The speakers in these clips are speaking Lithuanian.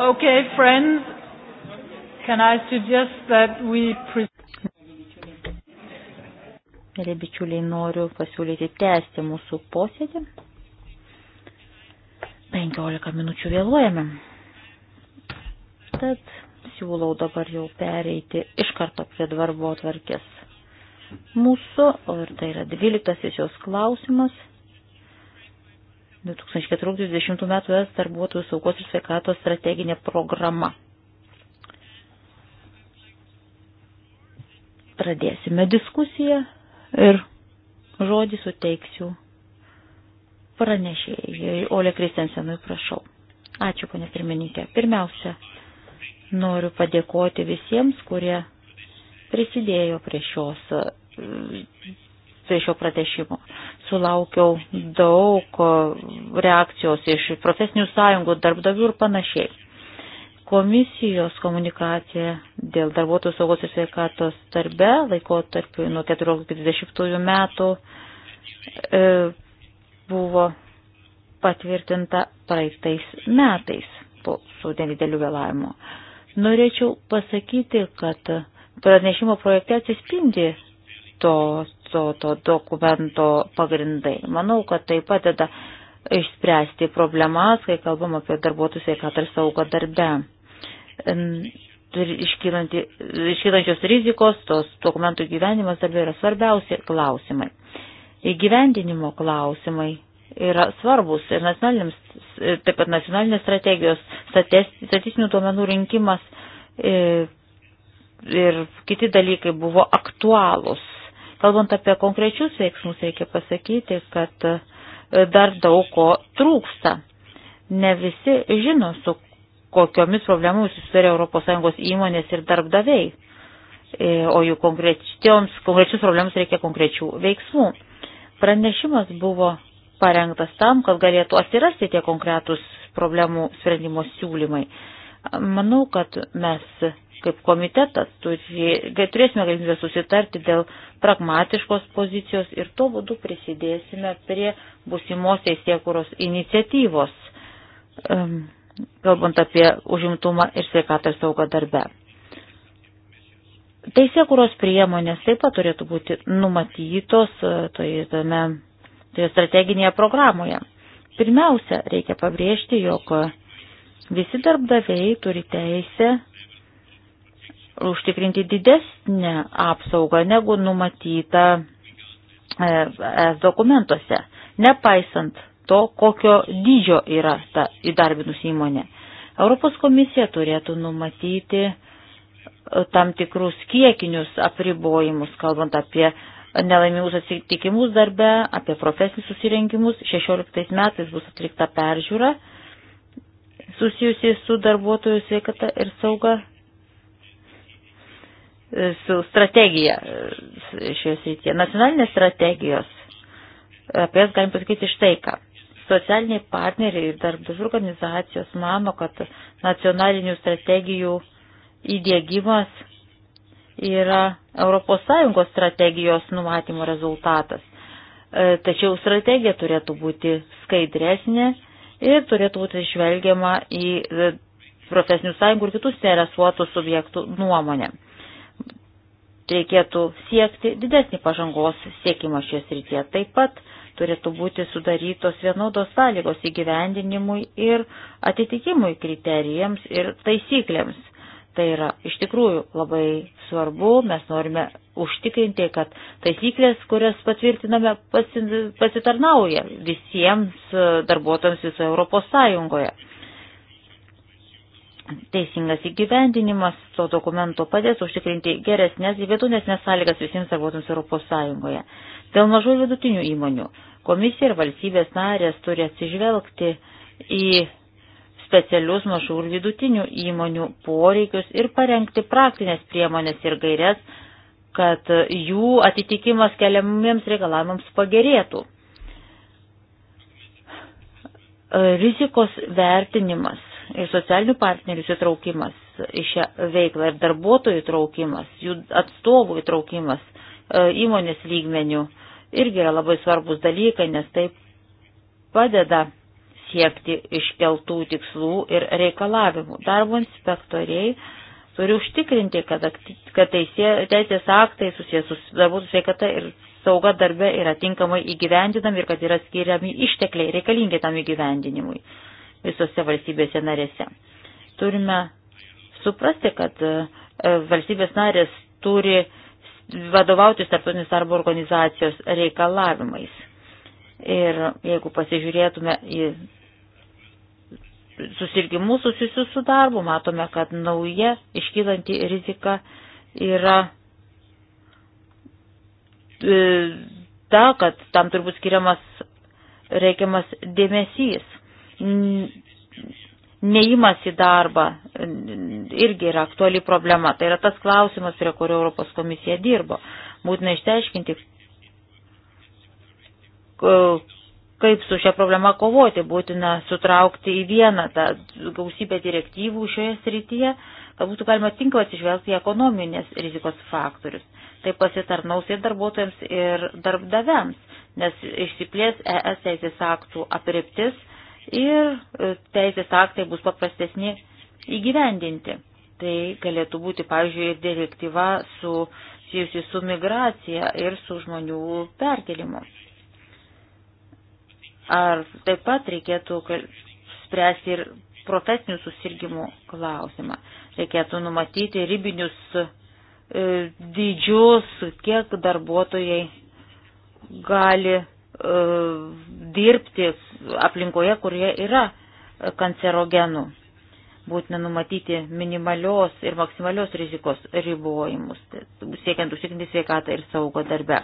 Okay, friends, can I suggest that we Mėly bičiuliai, noriu pasiūlyti tęsti mūsų posėdį. 15 minučių vėluojame. Tad siūlau dabar jau pereiti iš karto prie darbo atvarkės mūsų, ir tai yra 12 jos klausimas 2014-2020 metų es darbuotojų saugos ir sveikatos strateginė programa. Pradėsime diskusiją ir žodį suteiksiu pranešėjai Ole Kristensenui, prašau. Ačiū, ponė pirmininkė. Pirmiausia, noriu padėkoti visiems, kurie prisidėjo prie šios prie šio pratešimo. Sulaukiau daug reakcijos iš profesinių sąjungų, darbdavių ir panašiai. Komisijos komunikacija dėl darbuotojų saugos ir sveikatos darbe laikotarpiu nuo 14-20 metų e, buvo patvirtinta praeitais metais po, su nedideliu vėlavimu. Norėčiau pasakyti, kad pranešimo projekte atsispindi tos to, to dokumento pagrindai. Manau, kad tai padeda išspręsti problemas, kai kalbam apie darbuotojų sveikatą ir saugą darbę. Iškylančios rizikos, tos dokumentų gyvenimas darbė yra svarbiausi klausimai. Įgyvendinimo klausimai yra svarbus ir nacionalinėms, taip pat nacionalinės strategijos, statistinių duomenų rinkimas e, ir kiti dalykai buvo aktualūs Kalbant apie konkrečius veiksmus, reikia pasakyti, kad e, dar daug ko trūksta. Ne visi žino, su kokiomis problemomis susiduria ES įmonės ir darbdaviai, e, o jų konkrečius problemus reikia konkrečių veiksmų. Pranešimas buvo parengtas tam, kad galėtų atsirasti tie konkretus problemų sprendimo siūlymai. Manau, kad mes kaip komitetas turėsime galimybę susitarti dėl pragmatiškos pozicijos ir tuo būdu prisidėsime prie busimos teisėkuros iniciatyvos, kalbant apie užimtumą ir sveikatą ir saugą darbę. Teisėkuros priemonės taip pat turėtų būti numatytos toje, tai tame, toje strateginėje programoje. Pirmiausia, reikia pabrėžti, jog Visi darbdaviai turi teisę užtikrinti didesnę apsaugą negu numatyta e, ES dokumentuose, nepaisant to, kokio dydžio yra ta įdarbinus įmonė. Europos komisija turėtų numatyti e, tam tikrus kiekinius apribojimus, kalbant apie nelaimingus atsitikimus darbe, apie profesinius susirinkimus. 16 metais bus atlikta peržiūra susijusi su darbuotojų sveikata ir sauga, e, su strategija e, šioje srityje. Nacionalinės strategijos, apie jas galim pasakyti štai ką. Socialiniai partneriai ir darbdavių organizacijos mano, kad nacionalinių strategijų įdėgymas yra ES strategijos numatymo rezultatas. E, tačiau strategija turėtų būti skaidresnė, ir turėtų būti išvelgiama į e, profesinių sąjungų ir kitų suinteresuotų subjektų nuomonę. Reikėtų siekti didesnį pažangos siekimą šioje srityje. Taip pat turėtų būti sudarytos vienodos sąlygos įgyvendinimui ir atitikimui kriterijams ir taisyklėms Tai yra iš tikrųjų labai svarbu, mes norime užtikrinti, kad taisyklės, kurias patvirtiname, pasitarnauja visiems e, darbuotojams visoje Europos Sąjungoje. Teisingas įgyvendinimas to dokumento padės užtikrinti geresnės įvietunesnės sąlygas visiems darbuotojams Europos Sąjungoje. Dėl mažų vidutinių įmonių komisija ir valstybės narės turi atsižvelgti į specialius mažų ir vidutinių įmonių poreikius ir parengti praktinės priemonės ir gairias, kad jų atitikimas keliamiems reikalavimams pagerėtų. Rizikos vertinimas ir socialinių partnerių įtraukimas į šią veiklą ir darbuotojų įtraukimas, jų atstovų įtraukimas e, įmonės lygmenių irgi yra labai svarbus dalykai, nes tai padeda siekti iškeltų tikslų ir reikalavimų. Darbo inspektoriai turi užtikrinti, kad, kad teisė, teisės aktai susijęs su darbu sveikata ir sauga darbe yra tinkamai įgyvendinami ir kad yra skiriami ištekliai reikalingi tam įgyvendinimui visose valstybėse narėse. Turime suprasti, kad e, valstybės narės turi vadovautis tarptautinės darbo organizacijos reikalavimais. Ir jeigu pasižiūrėtume į susirgimų susijusių su darbu. Matome, kad nauja iškylanti rizika yra e, ta, kad tam turbūt skiriamas reikiamas dėmesys. Neįmas į darbą irgi yra aktuali problema. Tai yra tas klausimas, prie kurio Europos komisija dirbo. Būtina išteiškinti, kaip su šia problema kovoti, būtina sutraukti į vieną tą gausybę direktyvų šioje srityje, kad būtų galima tinkamai atsižvelgti į ekonominės rizikos faktorius. Tai pasitarnaus ir darbuotojams, ir darbdaviams, nes išsiplės ES teisės aktų apriptis ir e, teisės aktai bus paprastesni įgyvendinti. Tai galėtų būti, pavyzdžiui, ir direktyva su, susijusi su migracija ir su žmonių perkelimu. Ar taip pat reikėtų spręsti ir profesinių susirgymų klausimą? Reikėtų numatyti ribinius e, dydžius, kiek darbuotojai gali e, dirbti aplinkoje, kurie yra kancerogenų būtina numatyti minimalios ir maksimalios rizikos ribojimus, siekiant užtikrinti sveikatą ir saugo darbę.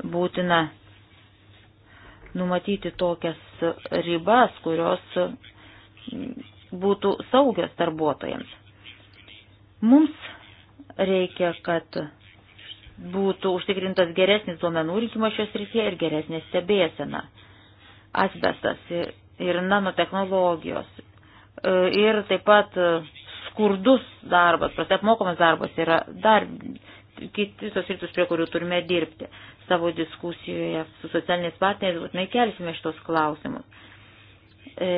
Būtina numatyti tokias ribas, kurios būtų saugios darbuotojams. Mums reikia, kad būtų užtikrintas geresnis duomenų rinkimas šios rytyje ir geresnė stebėsena. Asbestas ir, ir nanotehnologijos. E, ir taip pat skurdus darbas, prastai apmokamas darbas yra dar kitos rytus, prie kurių turime dirbti savo diskusijoje su socialiniais partneriais būtinai kelsime šitos klausimus. E,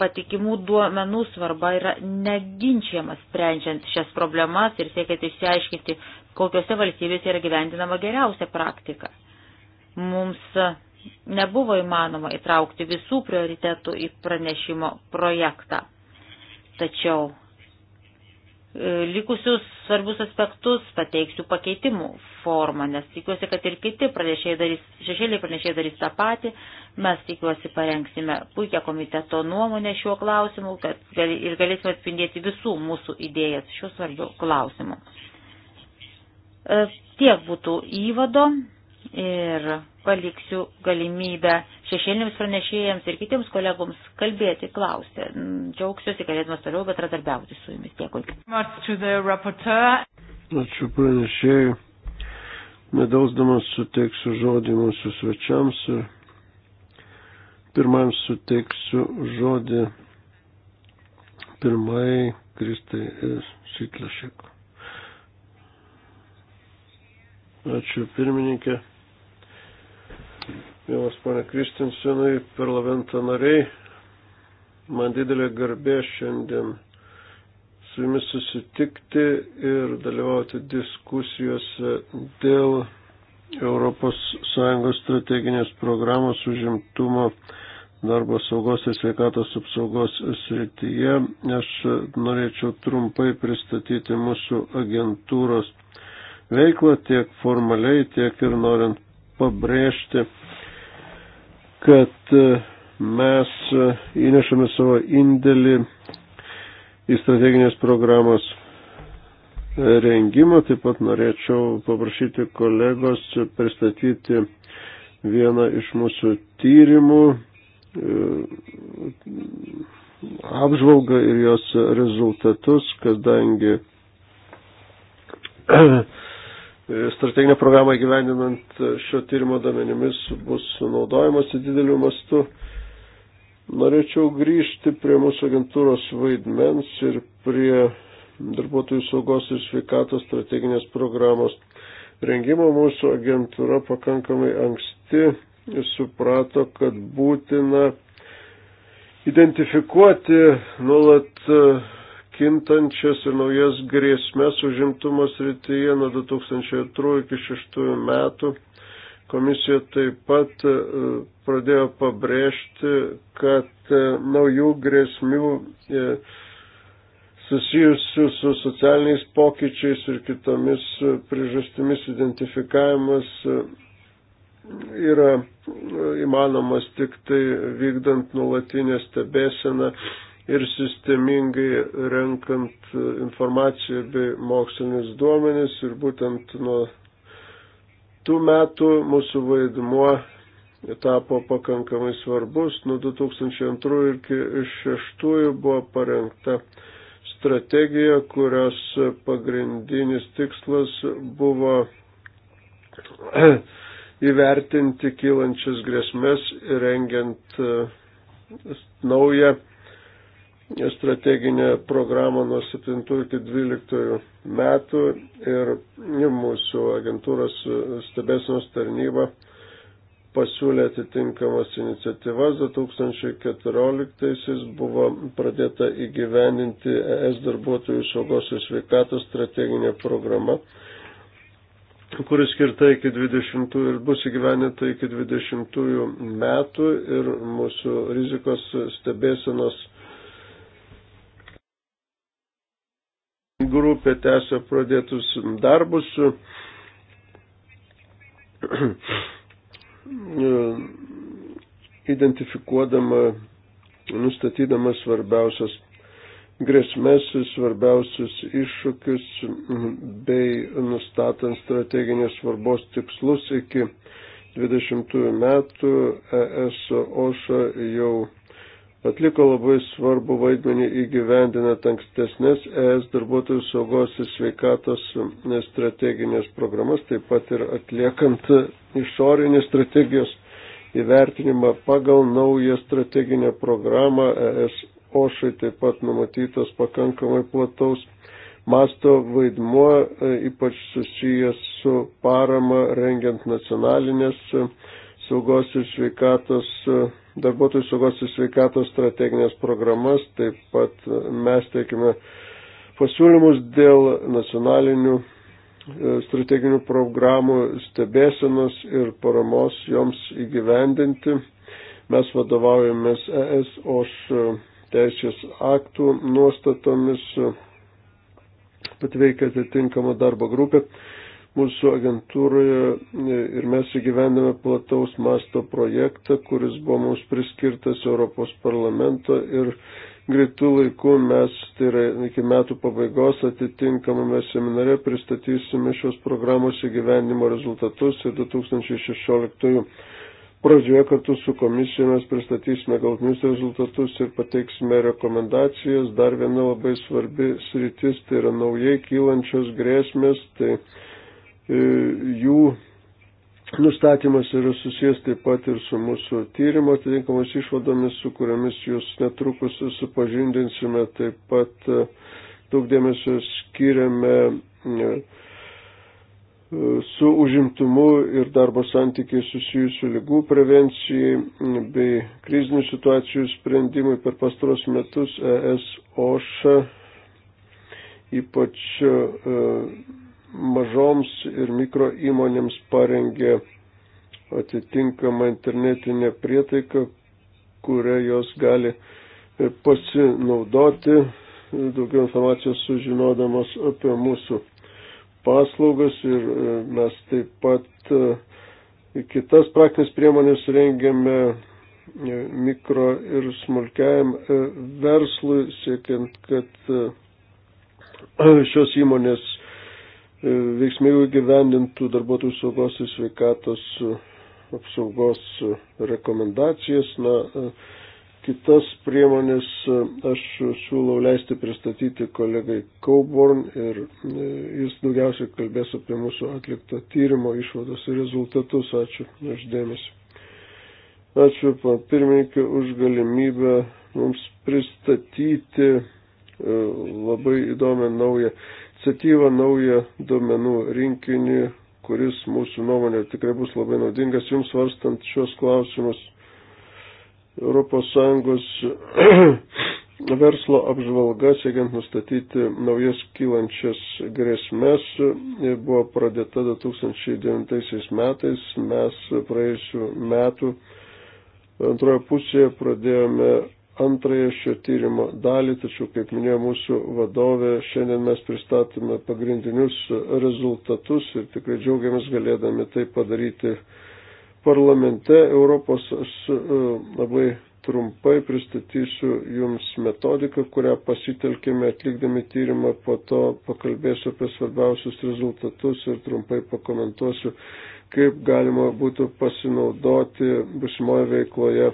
patikimų duomenų svarba yra neginčiama sprendžiant šias problemas ir siekiant išsiaiškinti, kokiuose valstybėse yra gyvendinama geriausia praktika. Mums nebuvo įmanoma įtraukti visų prioritetų į pranešimo projektą. Tačiau E, likusius svarbus aspektus pateiksiu pakeitimų formą, nes tikiuosi, kad ir kiti darys, šešėliai pranešėjai darys tą patį. Mes tikiuosi parengsime puikią komiteto nuomonę šiuo klausimu kad gali, ir galėsime atspindėti visų mūsų idėjas šiuo svarbiu klausimu. E, tiek būtų įvado ir paliksiu galimybę šešėliniams pranešėjams ir kitiems kolegoms kalbėti, klausti. Džiaugsiuosi, galėdamas toliau bendradarbiauti su jumis. Dėkui. Ačiū pranešėjai. Nedausdamas suteiksiu žodį mūsų svečiams ir pirmam suteiksiu žodį pirmai Kristai Sitlašek. Ačiū pirmininkė. Jums, pane Kristinsenai, parlamento nariai, man didelė garbė šiandien su jumis susitikti ir dalyvauti diskusijose dėl ES strateginės programos užimtumo darbo saugos ir sveikatos apsaugos srityje. Aš norėčiau trumpai pristatyti mūsų agentūros veiklą tiek formaliai, tiek ir norint pabrėžti kad e, mes e, įnešame savo indėlį į strateginės programos e, rengimą. Taip pat norėčiau paprašyti kolegos pristatyti vieną iš mūsų tyrimų apžvalgą ir jos rezultatus, kadangi E, strateginė programa gyvendinant šio tyrimo domenimis bus naudojamas į didelių mastų. Norėčiau grįžti prie mūsų agentūros vaidmens ir prie darbuotojų saugos ir sveikatos strateginės programos rengimo. Mūsų agentūra pakankamai anksti suprato, kad būtina identifikuoti nuolat kintančias ir naujas grėsmės užimtumo srityje nuo 2002 iki 2006 metų. Komisija taip pat e, pradėjo pabrėžti, kad e, naujų grėsmių e, susijusių su socialiniais pokyčiais ir kitomis priežastimis identifikavimas yra įmanomas tik tai vykdant nulatinę stebėseną ir sistemingai renkant informaciją bei mokslinis duomenis ir būtent nuo tų metų mūsų vaidmuo tapo pakankamai svarbus. Nuo 2002 iki 2006 buvo parengta strategija, kurios pagrindinis tikslas buvo įvertinti kylančias grėsmės, rengiant e, naują strateginę programą nuo 7 iki 12 metų ir mūsų agentūros stebėsinos tarnyba pasiūlė atitinkamas iniciatyvas. 2014 buvo pradėta įgyveninti ES darbuotojų saugos ir sveikatos strateginė programa kuris skirta iki 20 ir bus įgyveninta iki 20 metų ir mūsų rizikos stebėsenos grupė tęsia pradėtus darbus. identifikuodama, nustatydama svarbiausias grėsmės, svarbiausius iššūkius bei nustatant strateginės svarbos tikslus iki 20 metų ES OŠA jau atliko labai svarbu vaidmenį įgyvendinant ankstesnės ES darbuotojų saugos ir sveikatos strateginės programas, taip pat ir atliekant išorinį strategijos įvertinimą pagal naują strateginę programą ES OŠai taip pat numatytas pakankamai plataus masto vaidmuo, e, ypač susijęs su parama rengiant nacionalinės saugos ir sveikatos darbuotojų saugos ir sveikatos strateginės programas, taip pat mes teikime pasiūlymus dėl nacionalinių e, strateginių programų stebėsenos ir paramos joms įgyvendinti. Mes vadovaujamės ES OŠ e, teisės aktų nuostatomis, e, patveikia atitinkama darbo grupė mūsų agentūroje ir mes įgyvendame plataus masto projektą, kuris buvo mums priskirtas Europos parlamento ir greitų laikų mes, tai yra iki metų pabaigos, atitinkamame seminare pristatysime šios programos įgyvendimo rezultatus ir 2016 pradžioje kartu su komisija mes pristatysime galtinius rezultatus ir pateiksime rekomendacijas. Dar viena labai svarbi sritis tai yra naujai kylančios grėsmės, tai E, jų nustatymas yra susijęs taip pat ir su mūsų tyrimo atitinkamos išvadomis, su kuriamis jūs netrukus supažindinsime. Taip pat e, daug dėmesio skiriame e, su užimtumu ir darbo santykiai susijusių lygų prevencijai bei krizinių situacijų sprendimui per pastaros metus ES OŠA ypač mažoms ir mikro įmonėms parengė atitinkamą internetinę prietaiką, kurią jos gali pasinaudoti, daugiau informacijos sužinodamas apie mūsų paslaugas ir e, mes taip pat e, kitas praktinės priemonės rengiame e, mikro ir smulkiajam verslui, siekiant, kad šios įmonės E, veiksmingai gyvendintų darbuotojų saugos ir sveikatos e, apsaugos e, rekomendacijas. Na, kitas priemonės aš siūlau leisti pristatyti kolegai Coburn ir jis daugiausiai kalbės apie mūsų atliktą tyrimo išvados ir rezultatus. Ačiū už dėmesį. Ačiū pirmininkė už galimybę mums pristatyti labai įdomią naują iniciatyvą naują duomenų rinkinį, kuris mūsų nuomonė tikrai bus labai naudingas jums varstant šios klausimus. ES verslo apžvalga, siekiant nustatyti naujas kylančias grėsmės, buvo pradėta 2009 metais. Mes praėjusiu metu antroje pusėje pradėjome antrąją šio tyrimo dalį, tačiau, kaip minėjo mūsų vadovė, šiandien mes pristatome pagrindinius rezultatus ir tikrai džiaugiamės galėdami tai padaryti parlamente. Europos aš e, labai trumpai pristatysiu Jums metodiką, kurią pasitelkime atlikdami tyrimą, po to pakalbėsiu apie svarbiausius rezultatus ir trumpai pakomentuosiu, kaip galima būtų pasinaudoti busimoje veikloje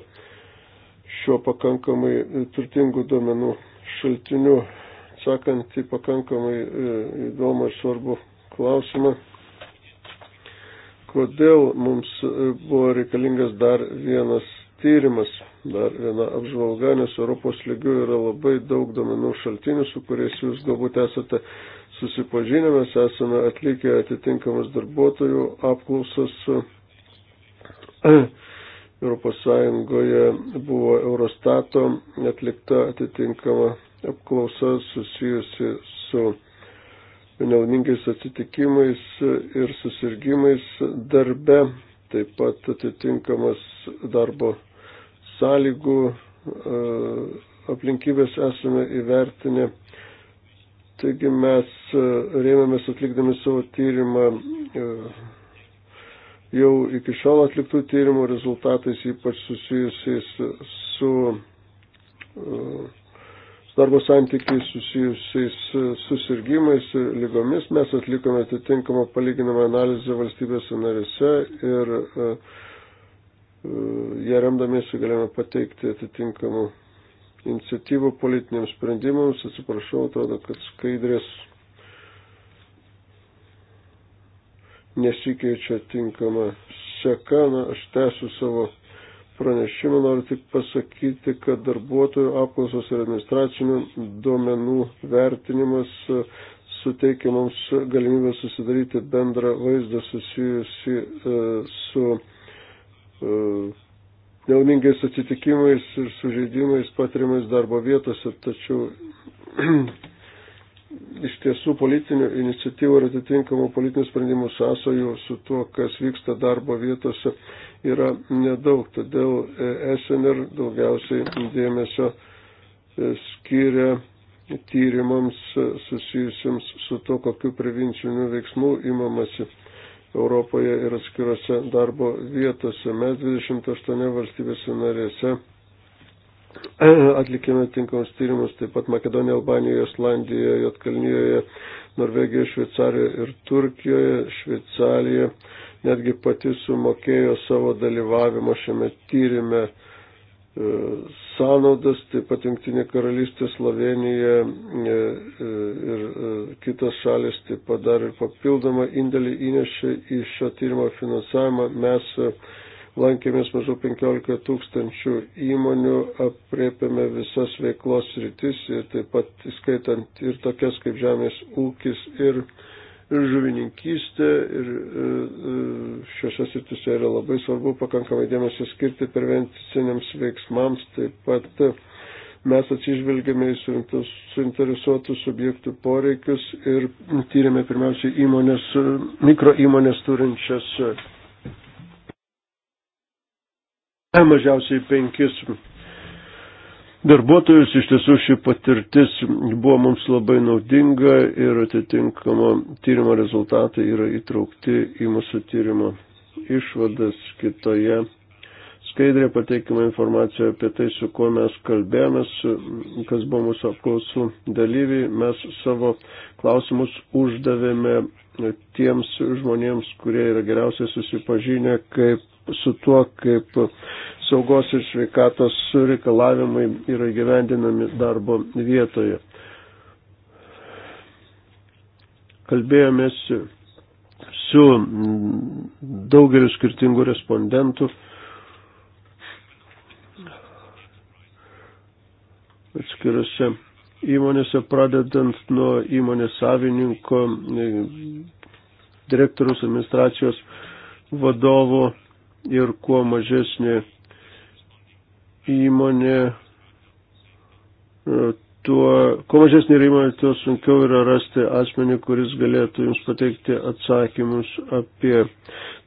šiuo pakankamai e, turtingu duomenų šaltiniu, atsakant į pakankamai e, įdomą ir svarbų klausimą, kodėl mums e, buvo reikalingas dar vienas tyrimas, dar viena apžvalga, nes Europos lygių yra labai daug duomenų šaltinių, su kuriais jūs galbūt esate susipažinę, mes esame atlikę atitinkamas darbuotojų apklausas ES buvo Eurostato atlikta atitinkama apklausa susijusi su nelaimingais atsitikimais ir susirgymais darbe, taip pat atitinkamas darbo sąlygų e, aplinkybės esame įvertinę. Taigi mes e, rėmėmės atlikdami savo tyrimą e, jau iki šiol atliktų tyrimų rezultatais, ypač susijusiais su e, darbo santykiais susijusiais susirgymais, lygomis. Mes atlikome atitinkamą palyginamą analizę valstybėse narėse ir jie e, remdamiesi galime pateikti atitinkamų iniciatyvų politiniams sprendimams. Atsiprašau, atrodo, kad skaidrės nesikeičia tinkama seka. Na, aš tęsiu savo pranešimą, noriu tik pasakyti, kad darbuotojų apklausos ir administracinių duomenų vertinimas suteikia mums galimybę susidaryti bendrą vaizdą susijusi e, su e, nelaimingais atsitikimais ir sužeidimais patiriamais darbo vietose, tačiau iš tiesų politinių iniciatyvų ir atitinkamų politinių sprendimų sąsojų su tuo, kas vyksta darbo vietose, yra nedaug. Todėl e, SNR daugiausiai dėmesio e, skiria tyrimams e, susijusiams su to, kokiu prevenciniu veiksmu imamasi Europoje ir atskirose darbo vietose. Mes 28 valstybėse narėse Atlikėme tinkamus tyrimus taip pat Makedonijoje, Albanijoje, Islandijoje, Jotkalnijoje, Norvegijoje, Šveicarijoje ir Turkijoje. Šveicarija netgi pati sumokėjo savo dalyvavimo šiame tyrime e, sąnaudas, taip pat Junktinė karalystė, Slovenija e, e, ir kitos šalis taip pat dar ir papildomą indėlį įnešė į šio tyrimo finansavimą. Mes lankėmės mažų 15 tūkstančių įmonių, apriepėme visas veiklos rytis ir taip pat skaitant ir tokias kaip žemės ūkis ir žuvininkystė ir e, šiose sritise yra labai svarbu pakankamai dėmesio skirti prevenciniams veiksmams, taip pat mes atsižvelgėme į suinteresuotų subjektų poreikius ir tyrėme pirmiausiai įmonės, mikro įmonės turinčias mažiausiai penkis darbuotojus. Iš tiesų ši patirtis buvo mums labai naudinga ir atitinkamo tyrimo rezultatai yra įtraukti į mūsų tyrimo išvadas kitoje. Skaidrė pateikima informacija apie tai, su kuo mes kalbėjomės, kas buvo mūsų apklausų dalyviai. Mes savo klausimus uždavėme tiems žmonėms, kurie yra geriausiai susipažinę, kaip su tuo, kaip saugos ir sveikatos reikalavimai yra gyvendinami darbo vietoje. Kalbėjomės su daugeliu skirtingų respondentų. Atskirose įmonėse, pradedant nuo įmonės savininko, direktorius administracijos vadovo ir kuo mažesnė įmonė, e, tuo, kuo mažesnė yra įmonė, tuo sunkiau yra rasti asmenį, kuris galėtų jums pateikti atsakymus apie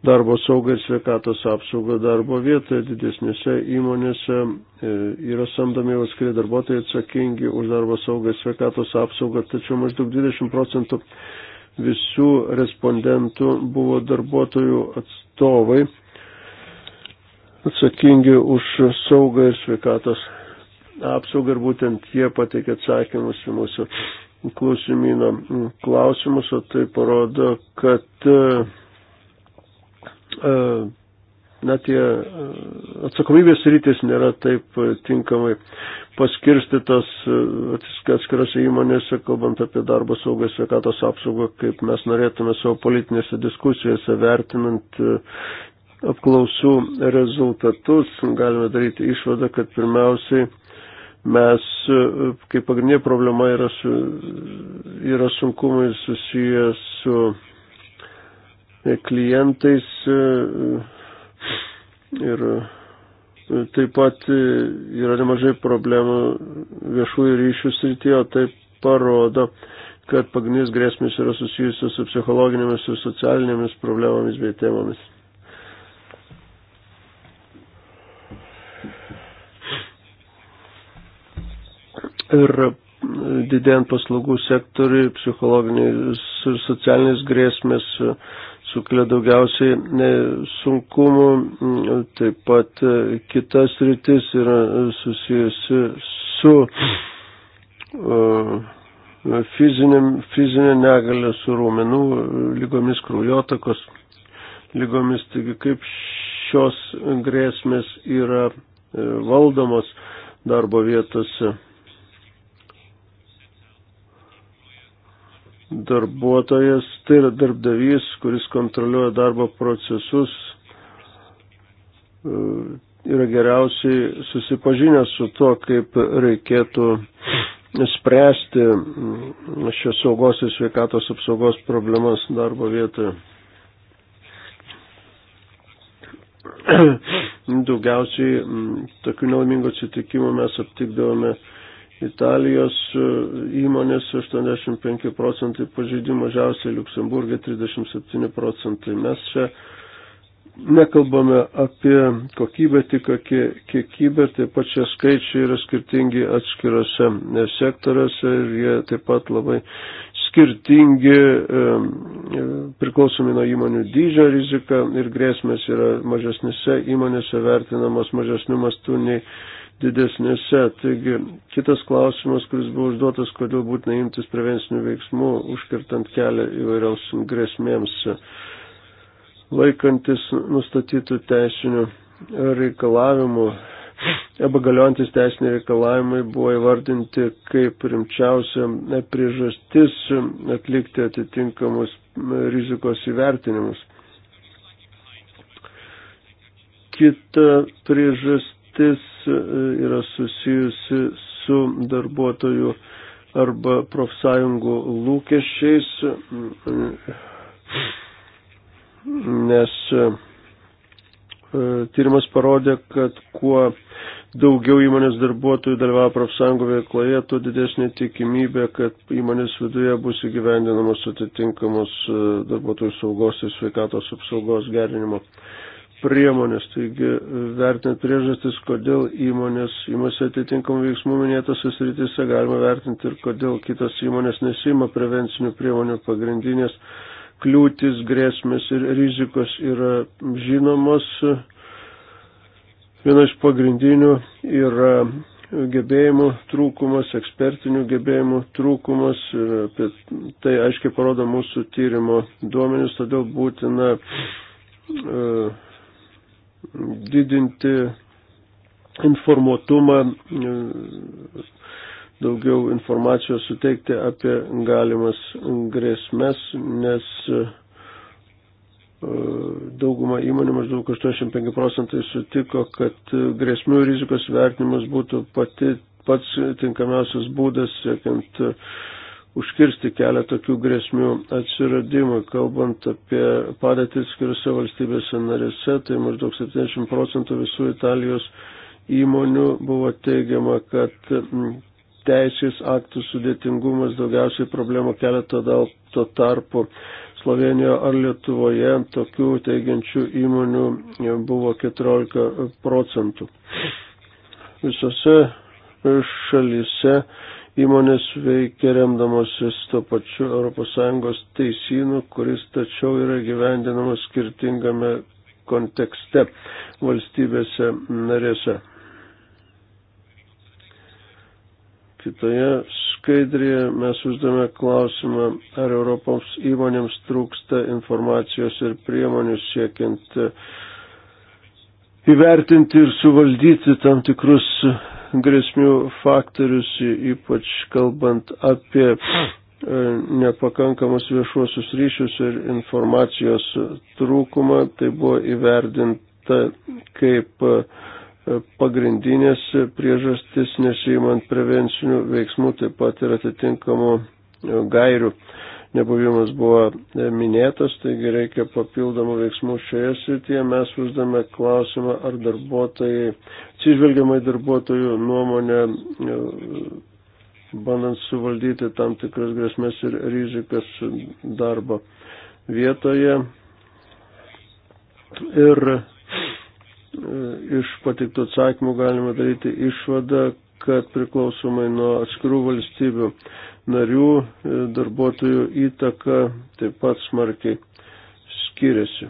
darbo saugą ir sveikatos apsaugą darbo vietoje. Didesnėse įmonėse e, yra samdomi atskiri darbuotojai atsakingi už darbo saugą ir sveikatos apsaugą, tačiau maždaug 20 procentų visų respondentų buvo darbuotojų atstovai atsakingi už saugą ir sveikatos apsaugą ir būtent jie pateikė atsakymus į mūsų klausimino klausimus, o tai parodo, kad e, na, tie e, atsakomybės rytis nėra taip tinkamai paskirstytos e, atskirose įmonėse, kalbant apie darbo saugą ir sveikatos apsaugą, kaip mes norėtume savo politinėse diskusijose vertinant apklausų rezultatus, galime daryti išvadą, kad pirmiausiai mes, kaip pagrindinė problema, yra, su, yra sunkumai susiję su e, klientais e, ir e, taip pat yra nemažai problemų viešųjų ryšių srityje, tai parodo, kad pagrindinės grėsmės yra susijusios su psichologinėmis ir socialinėmis problemomis bei temomis. ir didėjant paslaugų sektoriui, psichologiniais ir socialiniais grėsmės sukelia daugiausiai e, sunkumų, mm, taip pat e, kitas rytis yra susijusi su e, fizinė, fizinė negalė, su rūmenų lygomis kraujotakos lygomis, taigi kaip šios grėsmės yra valdomos darbo vietose darbuotojas, tai yra darbdavys, kuris kontroliuoja darbo procesus, e, yra geriausiai susipažinęs su to, kaip reikėtų spręsti šios saugos ir sveikatos apsaugos problemas darbo vietoje. Daugiausiai tokių nelaimingų atsitikimų mes aptikdavome Italijos e, įmonės 85 procentai pažeidimų, mažiausiai Luksemburgė 37 procentai. Mes čia nekalbame apie kokybę, tik apie kiekybę, taip pat čia skaičiai yra skirtingi atskirose sektoriuose ir jie taip pat labai skirtingi e, e, priklausomi nuo įmonių dydžio rizika ir grėsmės yra mažesnėse įmonėse vertinamas mažesniu mastu nei didesnėse. Taigi kitas klausimas, kuris buvo užduotas, kodėl būtina imtis prevencinių veiksmų, užkirtant kelią įvairiaus grėsmėms, laikantis nustatytų teisinių reikalavimų. Arba galiojantis teisiniai reikalavimai buvo įvardinti kaip rimčiausia priežastis atlikti atitinkamus rizikos įvertinimus. Kita priežastis sritis e, yra susijusi su darbuotojų arba profsąjungų lūkesčiais, nes e, e, tyrimas parodė, kad kuo daugiau įmonės darbuotojų dalyvavo profsąjungų veikloje, tuo didesnė tikimybė, kad įmonės viduje bus įgyvendinamos atitinkamos darbuotojų saugos ir sveikatos apsaugos gerinimo priemonės. Taigi, vertinant priežastis, kodėl įmonės imasi atitinkamų veiksmų minėtose srityse, galima vertinti ir kodėl kitos įmonės nesima prevencinių priemonių pagrindinės kliūtis, grėsmės ir rizikos yra žinomos. Viena iš pagrindinių yra gebėjimų trūkumas, ekspertinių gebėjimų trūkumas ir apie tai aiškiai parodo mūsų tyrimo duomenys, todėl būtina uh, didinti informuotumą, daugiau informacijos suteikti apie galimas grėsmes, nes e, dauguma įmonių, maždaug 85 procentai sutiko, kad grėsmių rizikos vertinimas būtų pati, pats tinkamiausias būdas siekiant užkirsti kelią tokių grėsmių atsiradimui. Kalbant apie padėtį skiriuose valstybėse narėse, tai maždaug 70 procentų visų Italijos įmonių buvo teigiama, kad teisės aktų sudėtingumas daugiausiai problemų kelia todėl tuo tarpu Slovenijoje ar Lietuvoje tokių teigiančių įmonių e, buvo 14 procentų. Visose e, šalyse Įmonės veikia remdamosis to pačiu ES teisynu, kuris tačiau yra gyvendinamas skirtingame kontekste valstybėse narėse. Kitoje skaidrėje mes uždame klausimą, ar Europos įmonėms trūksta informacijos ir priemonių siekiant įvertinti ir suvaldyti tam tikrus grėsmių faktorius, ypač kalbant apie e, nepakankamus viešuosius ryšius ir informacijos trūkumą. Tai buvo įverdinta kaip e, pagrindinės priežastis nesijimant prevencinių veiksmų, taip pat ir atitinkamų e, gairių nebuvimas buvo e, minėtas, taigi reikia papildomų veiksmų šioje srityje. Mes uždame klausimą, ar darbuotojai, atsižvelgiamai darbuotojų nuomonę, e, bandant suvaldyti tam tikras grėsmės ir rizikas darbo vietoje. Ir e, iš patiktų atsakymų galima daryti išvadą, kad priklausomai nuo atskirų valstybių narių e, darbuotojų įtaka taip pat smarkiai skiriasi.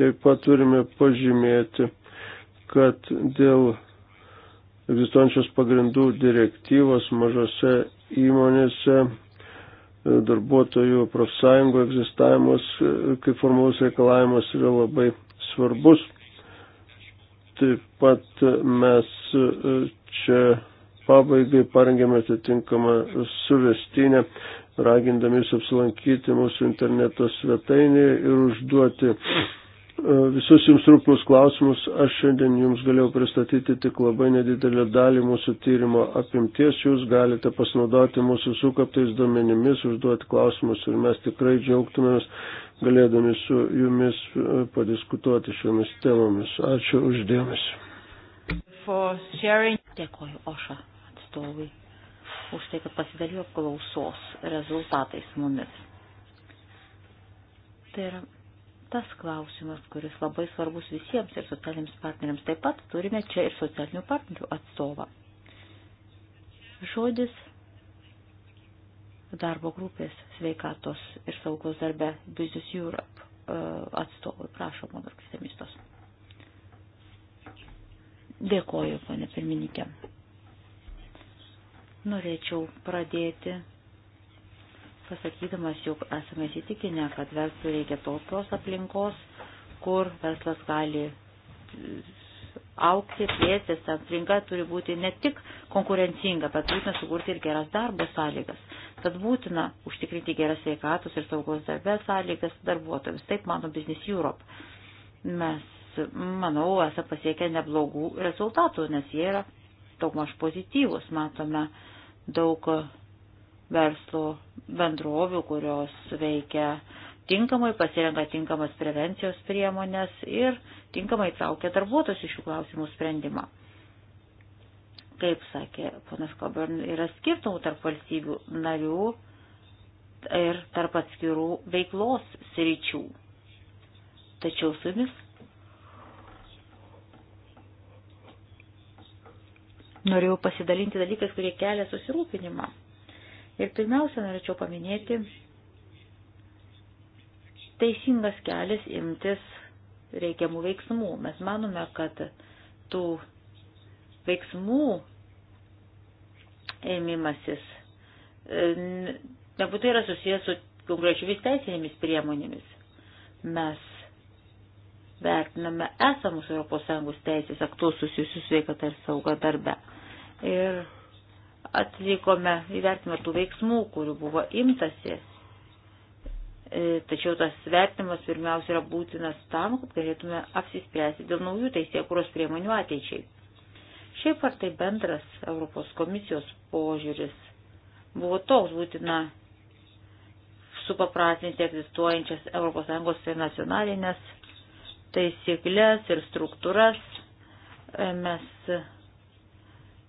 Taip pat turime pažymėti, kad dėl egzistuojančios pagrindų direktyvos mažose įmonėse e, darbuotojų profsąjungų egzistavimas e, kaip formalus reikalavimas yra labai svarbus Taip pat mes e, čia pabaigai parengėme atitinkamą suvestinę, ragindami jūs apsilankyti mūsų interneto svetainėje ir užduoti e, visus jums rūpimus klausimus. Aš šiandien jums galėjau pristatyti tik labai nedidelę dalį mūsų tyrimo apimties. Jūs galite pasinaudoti mūsų sukaptais duomenimis, užduoti klausimus ir mes tikrai džiaugtumėmės galėdami su jumis e, padiskutuoti šiomis temomis. Ačiū uždėmesi. Dėkoju Oša atstovui už tai, kad pasidalijo klausos rezultatais mumis. Tai yra tas klausimas, kuris labai svarbus visiems ir socialiniams partneriams. Taip pat turime čia ir socialinių partnerių atstovą. Žodis darbo grupės sveikatos ir saugos darbe Business Europe e, atstovui. Prašom, mano vicemistos. Dėkoju, ponė pirmininkė. Norėčiau pradėti pasakydamas, jog esame įsitikinę, kad verslui reikia tokios aplinkos, kur verslas gali aukti, plėstis, aplinka turi būti ne tik konkurencinga, bet būtina sukurti ir geras darbo sąlygas. Tad būtina užtikrinti geras sveikatos ir saugos darbės sąlygas darbuotojams. Taip mano Business Europe. Mes, manau, esame pasiekę neblogų rezultatų, nes jie yra daugmaž pozityvus. Matome daug verslo bendrovių, kurios veikia tinkamai, pasirenka tinkamas prevencijos priemonės ir tinkamai traukia darbuotojus iš šių klausimų sprendimą kaip sakė ponas Koburn, yra skirtumų tarp valstybių narių ir tarp atskirų veiklos sričių. Tačiau su jumis norėjau pasidalinti dalykais, kurie kelia susirūpinimą. Ir pirmiausia, norėčiau paminėti teisingas kelias imtis reikiamų veiksmų. Mes manome, kad tų veiksmų ėmimasis e, nebūtai yra susijęs su konkrečiomis teisinėmis priemonėmis. Mes vertiname esamus ES teisės aktus susijusius sveikata ir sauga darbe. Ir atlikome įvertimą tų veiksmų, kurių buvo imtasi. E, tačiau tas vertinimas pirmiausia yra būtinas tam, kad galėtume apsispręsti dėl naujų teisėkuros priemonių ateičiai. Šiaip ar tai bendras Europos komisijos požiūris buvo toks būtina supapratinti egzistuojančias ES ir nacionalinės taisyklės ir struktūras. E, mes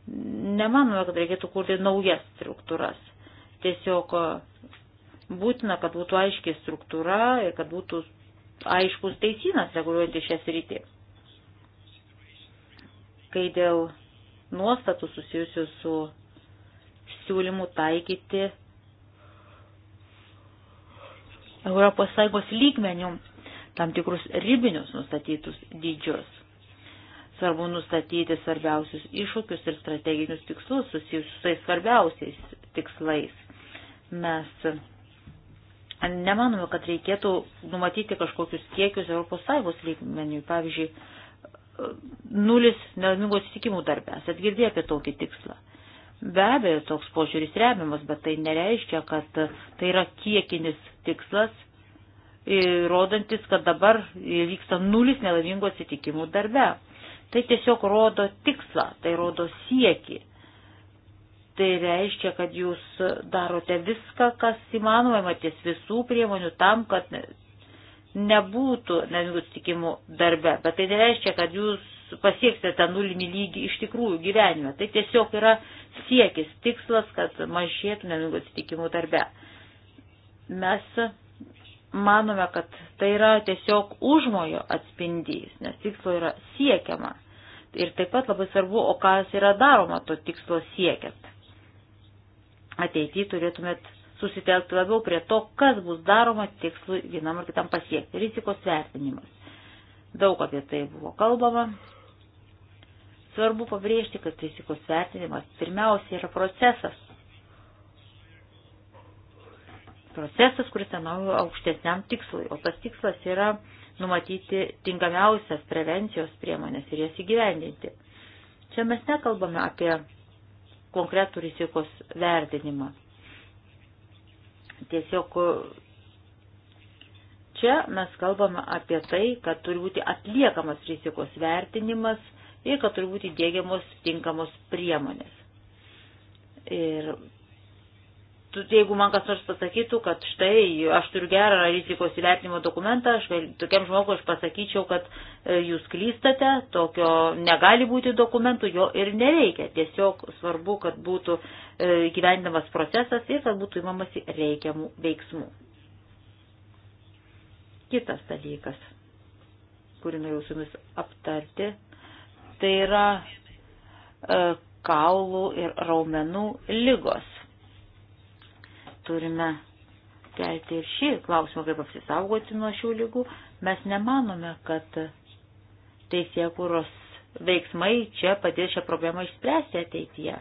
nemanome, kad reikėtų kurti naujas struktūras. Tiesiog e, būtina, kad būtų aiški struktūra ir kad būtų aiškus teisinas reguliuojantį šią sritį. Kai dėl nuostatų susijusių su siūlymu taikyti ES lygmenių tam tikrus ribinius nustatytus dydžius. Svarbu nustatyti svarbiausius iššūkius ir strateginius tikslus susijusius su tais svarbiausiais tikslais. Mes nemanome, kad reikėtų numatyti kažkokius kiekius ES lygmenių. Pavyzdžiui, nulis nelaimingų atsitikimų darbę. Esat girdėję apie tokį tikslą. Be abejo, toks požiūris remiamas, bet tai nereiškia, kad tai yra kiekinis tikslas, rodantis, kad dabar vyksta nulis nelaimingų atsitikimų darbe. Tai tiesiog rodo tikslą, tai rodo sieki. Tai reiškia, kad jūs darote viską, kas įmanoma, matys visų priemonių tam, kad nebūtų nelygų sutikimų darbe, bet tai nereiškia, kad jūs pasieksite tą nulinį lygį iš tikrųjų gyvenime. Tai tiesiog yra siekis, tikslas, kad mažėtų nelygų sutikimų darbe. Mes manome, kad tai yra tiesiog užmojo atspindys, nes tikslo yra siekiama. Ir taip pat labai svarbu, o kas yra daroma to tikslo siekiant. Ateityje turėtumėt susitelkti labiau prie to, kas bus daroma tikslui vienam ar kitam pasiekti. Rizikos vertinimas. Daug apie tai buvo kalbama. Svarbu pabrėžti, kad rizikos vertinimas pirmiausia yra procesas. Procesas, kuris tarnauja aukštesniam tikslui, o tas tikslas yra numatyti tinkamiausias prevencijos priemonės ir jas įgyvendinti. Čia mes nekalbame apie konkretų rizikos vertinimą. Tiesiog čia mes kalbame apie tai, kad turi būti atliekamas rizikos vertinimas ir kad turi būti dėgiamos tinkamos priemonės. Ir jeigu man kas nors pasakytų, kad štai aš turiu gerą rizikos įvertinimo dokumentą, aš tokiam žmogui aš pasakyčiau, kad e, jūs klystate, tokio negali būti dokumentų, jo ir nereikia. Tiesiog svarbu, kad būtų e, gyvendinamas procesas ir kad būtų įmamasi reikiamų veiksmų. Kitas dalykas, kurį norėjau su jumis aptarti, tai yra e, kaulų ir raumenų lygos turime kelti ir šį klausimą, kaip apsisaugoti nuo šių lygų. Mes nemanome, kad teisėkūros veiksmai čia padės šią problemą išspręsti ateityje.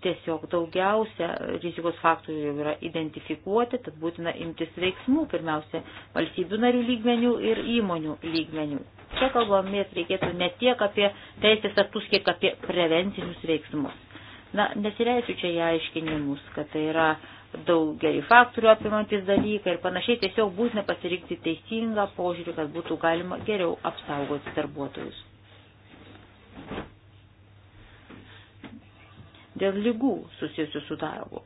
Tiesiog daugiausia rizikos faktorių jau yra identifikuoti, tad būtina imtis veiksmų, pirmiausia, valstybių narių lygmenių ir įmonių lygmenių. Čia kalbomės reikėtų ne tiek apie teisės aktus, kiek apie prevencinius veiksmus. Na, nesileisiu čia į aiškinimus, kad tai yra uh, daugelį faktorių apimantis dalykai ir panašiai tiesiog būtina pasirinkti teisingą požiūrį, kad būtų galima geriau apsaugoti darbuotojus. Dėl lygų susijusių su darbu.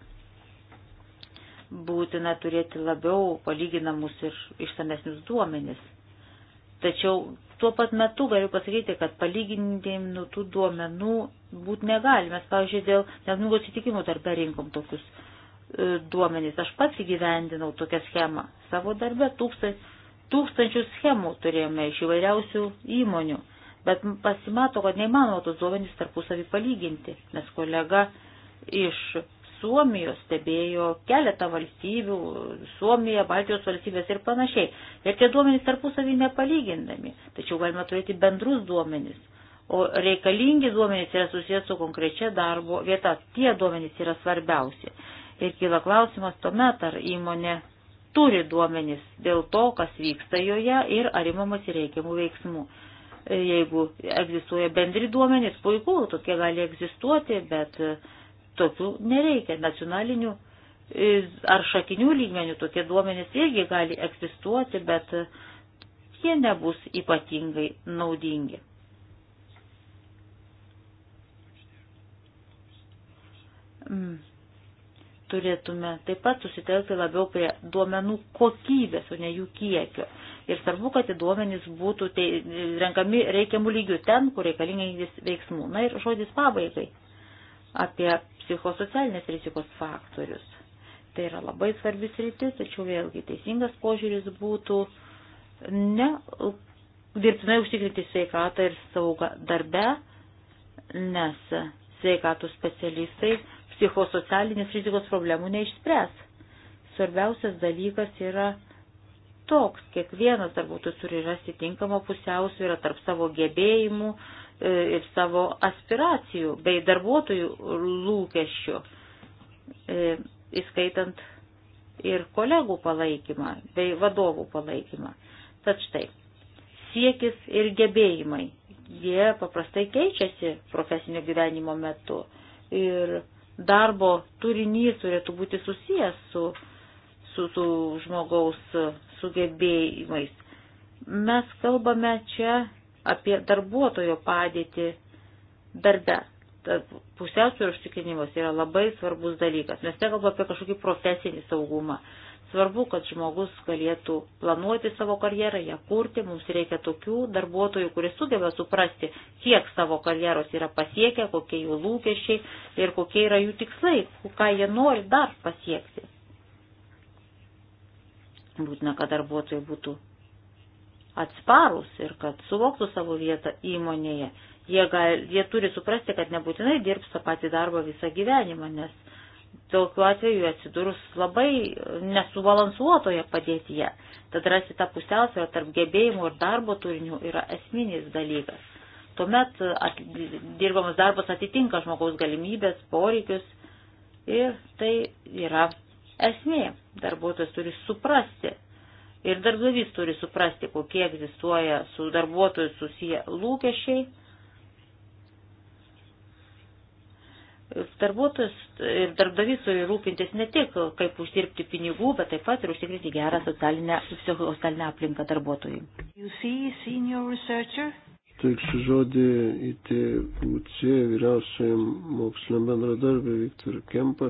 Būtina turėti labiau palyginamus ir išsamesnius duomenis. Tačiau tuo pat metu galiu pasakyti, kad palyginimų tų duomenų būt negalime. Pavyzdžiui, dėl nelaimingo atsitikimų darbe rinkom tokius E, duomenys. Aš pats įgyvendinau tokią schemą. Savo darbę tūkstan, tūkstančių schemų turėjome iš įvairiausių įmonių, bet pasimato, kad neįmanoma tos duomenys tarpusavį palyginti, nes kolega iš Suomijos stebėjo keletą valstybių, Suomija, Baltijos valstybės ir panašiai. Ir tie duomenys tarpusavį nepalygindami, tačiau galima turėti bendrus duomenys. O reikalingi duomenys yra susijęs su konkrečia darbo vieta. Tie duomenys yra svarbiausi. Ir kyla klausimas tuomet, ar įmonė turi duomenis dėl to, kas vyksta joje ir ar įmamas reikiamų veiksmų. Jeigu egzistuoja bendri duomenys, puiku, tokie gali egzistuoti, bet tokių nereikia. Nacionalinių e, ar šakinių lygmenių tokie duomenys irgi gali egzistuoti, bet jie nebus ypatingai naudingi. Mm turėtume taip pat susitelkti labiau prie duomenų kokybės, o ne jų kiekio. Ir svarbu, kad tie duomenys būtų tai, renkami reikiamų lygių ten, kur reikalingi veiksmų. Na ir žodis pabaigai apie psichosocialinės rizikos faktorius. Tai yra labai svarbis rytis, tačiau vėlgi teisingas požiūris būtų ne dirbtinai užtikrinti sveikatą ir saugą darbe, nes sveikatų specialistai psichosocialinės rizikos problemų neišspręs. Svarbiausias dalykas yra toks, kiekvienas darbuotojas turi rasti tinkamą pusiausvyrą tarp savo gebėjimų e, ir savo aspiracijų bei darbuotojų lūkesčių, e, įskaitant ir kolegų palaikymą bei vadovų palaikymą. Tad štai, siekis ir gebėjimai, jie paprastai keičiasi profesinio gyvenimo metu. Ir darbo turinys turėtų būti susijęs su, su, su žmogaus sugebėjimais. Mes kalbame čia apie darbuotojo padėtį darbe. Pusiausvėros užtikrinimas yra labai svarbus dalykas. Mes nekalbame apie kažkokį profesinį saugumą. Svarbu, kad žmogus galėtų planuoti savo karjerą, ją kurti. Mums reikia tokių darbuotojų, kurie sugeba suprasti, kiek savo karjeros yra pasiekę, kokie jų lūkesčiai ir kokie yra jų tikslai, ką jie nori dar pasiekti. Būtina, kad darbuotojai būtų atsparus ir kad suvoktų savo vietą įmonėje. Jie, gal, jie turi suprasti, kad nebūtinai dirbs tą patį darbą visą gyvenimą, nes tokiu atveju atsidurs labai nesubalansuotoje padėtyje. Tad rasti tą pusiausvę tarp gebėjimų ir darbo turinių yra esminis dalykas. Tuomet at, dirbamas darbas atitinka žmogaus galimybės, poreikius ir tai yra esmė. Darbuotojas turi suprasti ir darbdavys turi suprasti, kokie egzistuoja su darbuotoju susiję lūkesčiai Darbuotojas ir darbdavys turi rūpintis ne tik, kaip uždirbti pinigų, bet taip pat ir užtikrinti gerą socialinę, psichosocialinę aplinką darbuotojui. Teiksiu žodį į TUC vyriausiajam moksliniam bendradarbiai Viktor Kempa.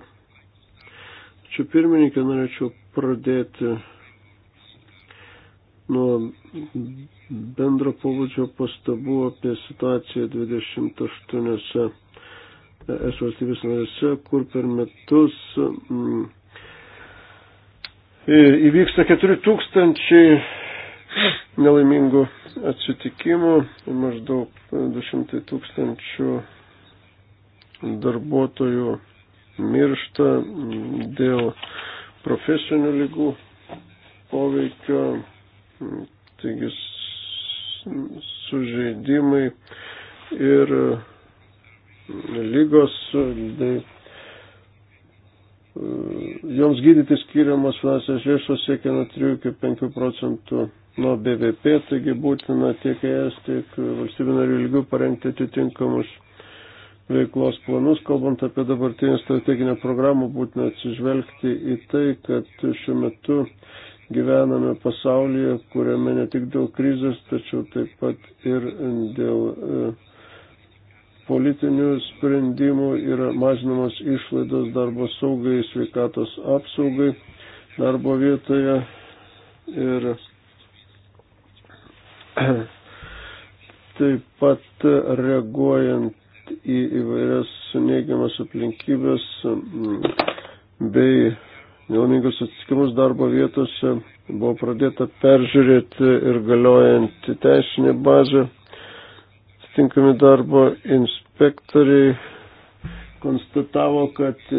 Čia pirmininkė norėčiau pradėti nuo bendro pobūdžio pastabų apie situaciją 28 es valstybės narėse, kur per metus mm, įvyksta 4000 nelaimingų atsitikimų, maždaug 200 tūkstančių darbuotojų miršta dėl profesinių lygų poveikio, taigi sužeidimai ir lygos, tai e, joms gydyti skiriamos finansinės lėšos siekia nuo 3 iki 5 procentų nuo BVP, taigi būtina tiek ES, tiek valstybių narių lygių parengti atitinkamus veiklos planus. Kalbant apie dabartinę strateginę programą, būtina atsižvelgti į tai, kad šiuo metu gyvename pasaulyje, kuriame ne tik dėl krizės, tačiau taip pat ir dėl. E, politinių sprendimų yra mažinamos išlaidos darbo saugai, sveikatos apsaugai darbo vietoje ir taip pat reaguojant į įvairias suneigiamas aplinkybės mm, bei nelaimingus atsikimus darbo vietose buvo pradėta peržiūrėti ir galiojanti teisinė bazė atitinkami darbo inspektoriai konstatavo, kad e,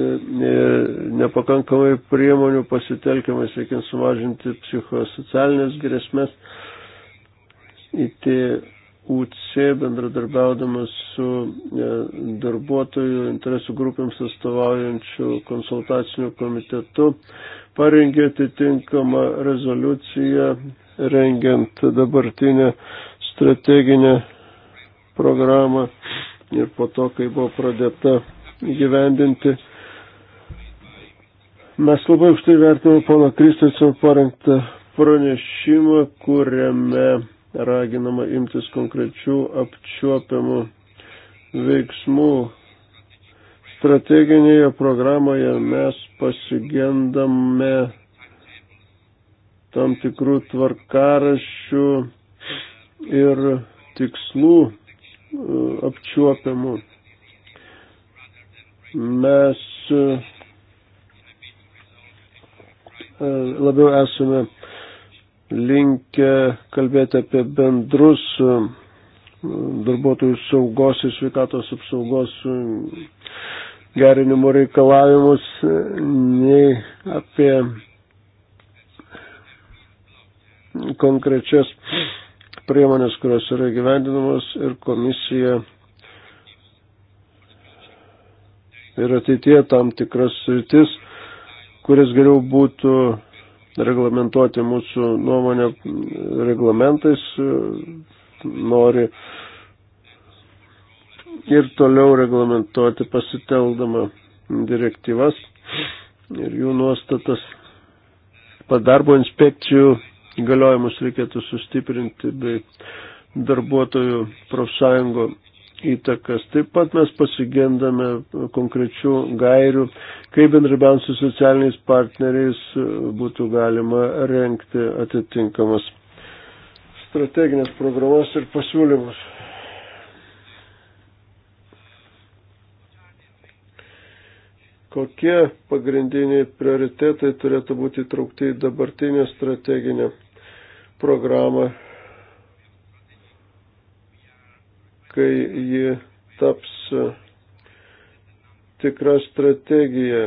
nepakankamai priemonių pasitelkiamai, siekiant sumažinti psichosocialinės grėsmės. ITUC bendradarbiaudamas su e, darbuotojų interesų grupėms atstovaujančių konsultacinių komitetų parengė atitinkamą rezoliuciją rengiant dabartinę strateginę programą ir po to, kai buvo pradėta įgyvendinti. Mes labai aukštai vertiname pono Kristėsio parengtą pranešimą, kuriame raginama imtis konkrečių apčiuopiamų veiksmų. Strateginėje programoje mes pasigendame tam tikrų tvarkaraščių ir tikslų E, apčiuopiamų. Mes e, e, labiau esame linkę kalbėti apie bendrus darbuotojų saugos ir sveikatos apsaugos gerinimo reikalavimus, nei apie konkrečias priemonės, kurios yra gyvendinamos ir komisija ir ateitie tam tikras sritis, kuris geriau būtų reglamentuoti mūsų nuomonę reglamentais, nori ir toliau reglamentuoti pasiteldama direktyvas ir jų nuostatas. Padarbo inspekcijų įgaliojimus reikėtų sustiprinti bei darbuotojų profsąjungo įtakas. Taip pat mes pasigendame konkrečių gairių, kaip bendrabiant su socialiniais partneriais būtų galima renkti atitinkamas strateginės programas ir pasiūlymus. Kokie pagrindiniai prioritetai turėtų būti traukti į dabartinę strateginę programą, kai ji taps e, tikra strategija.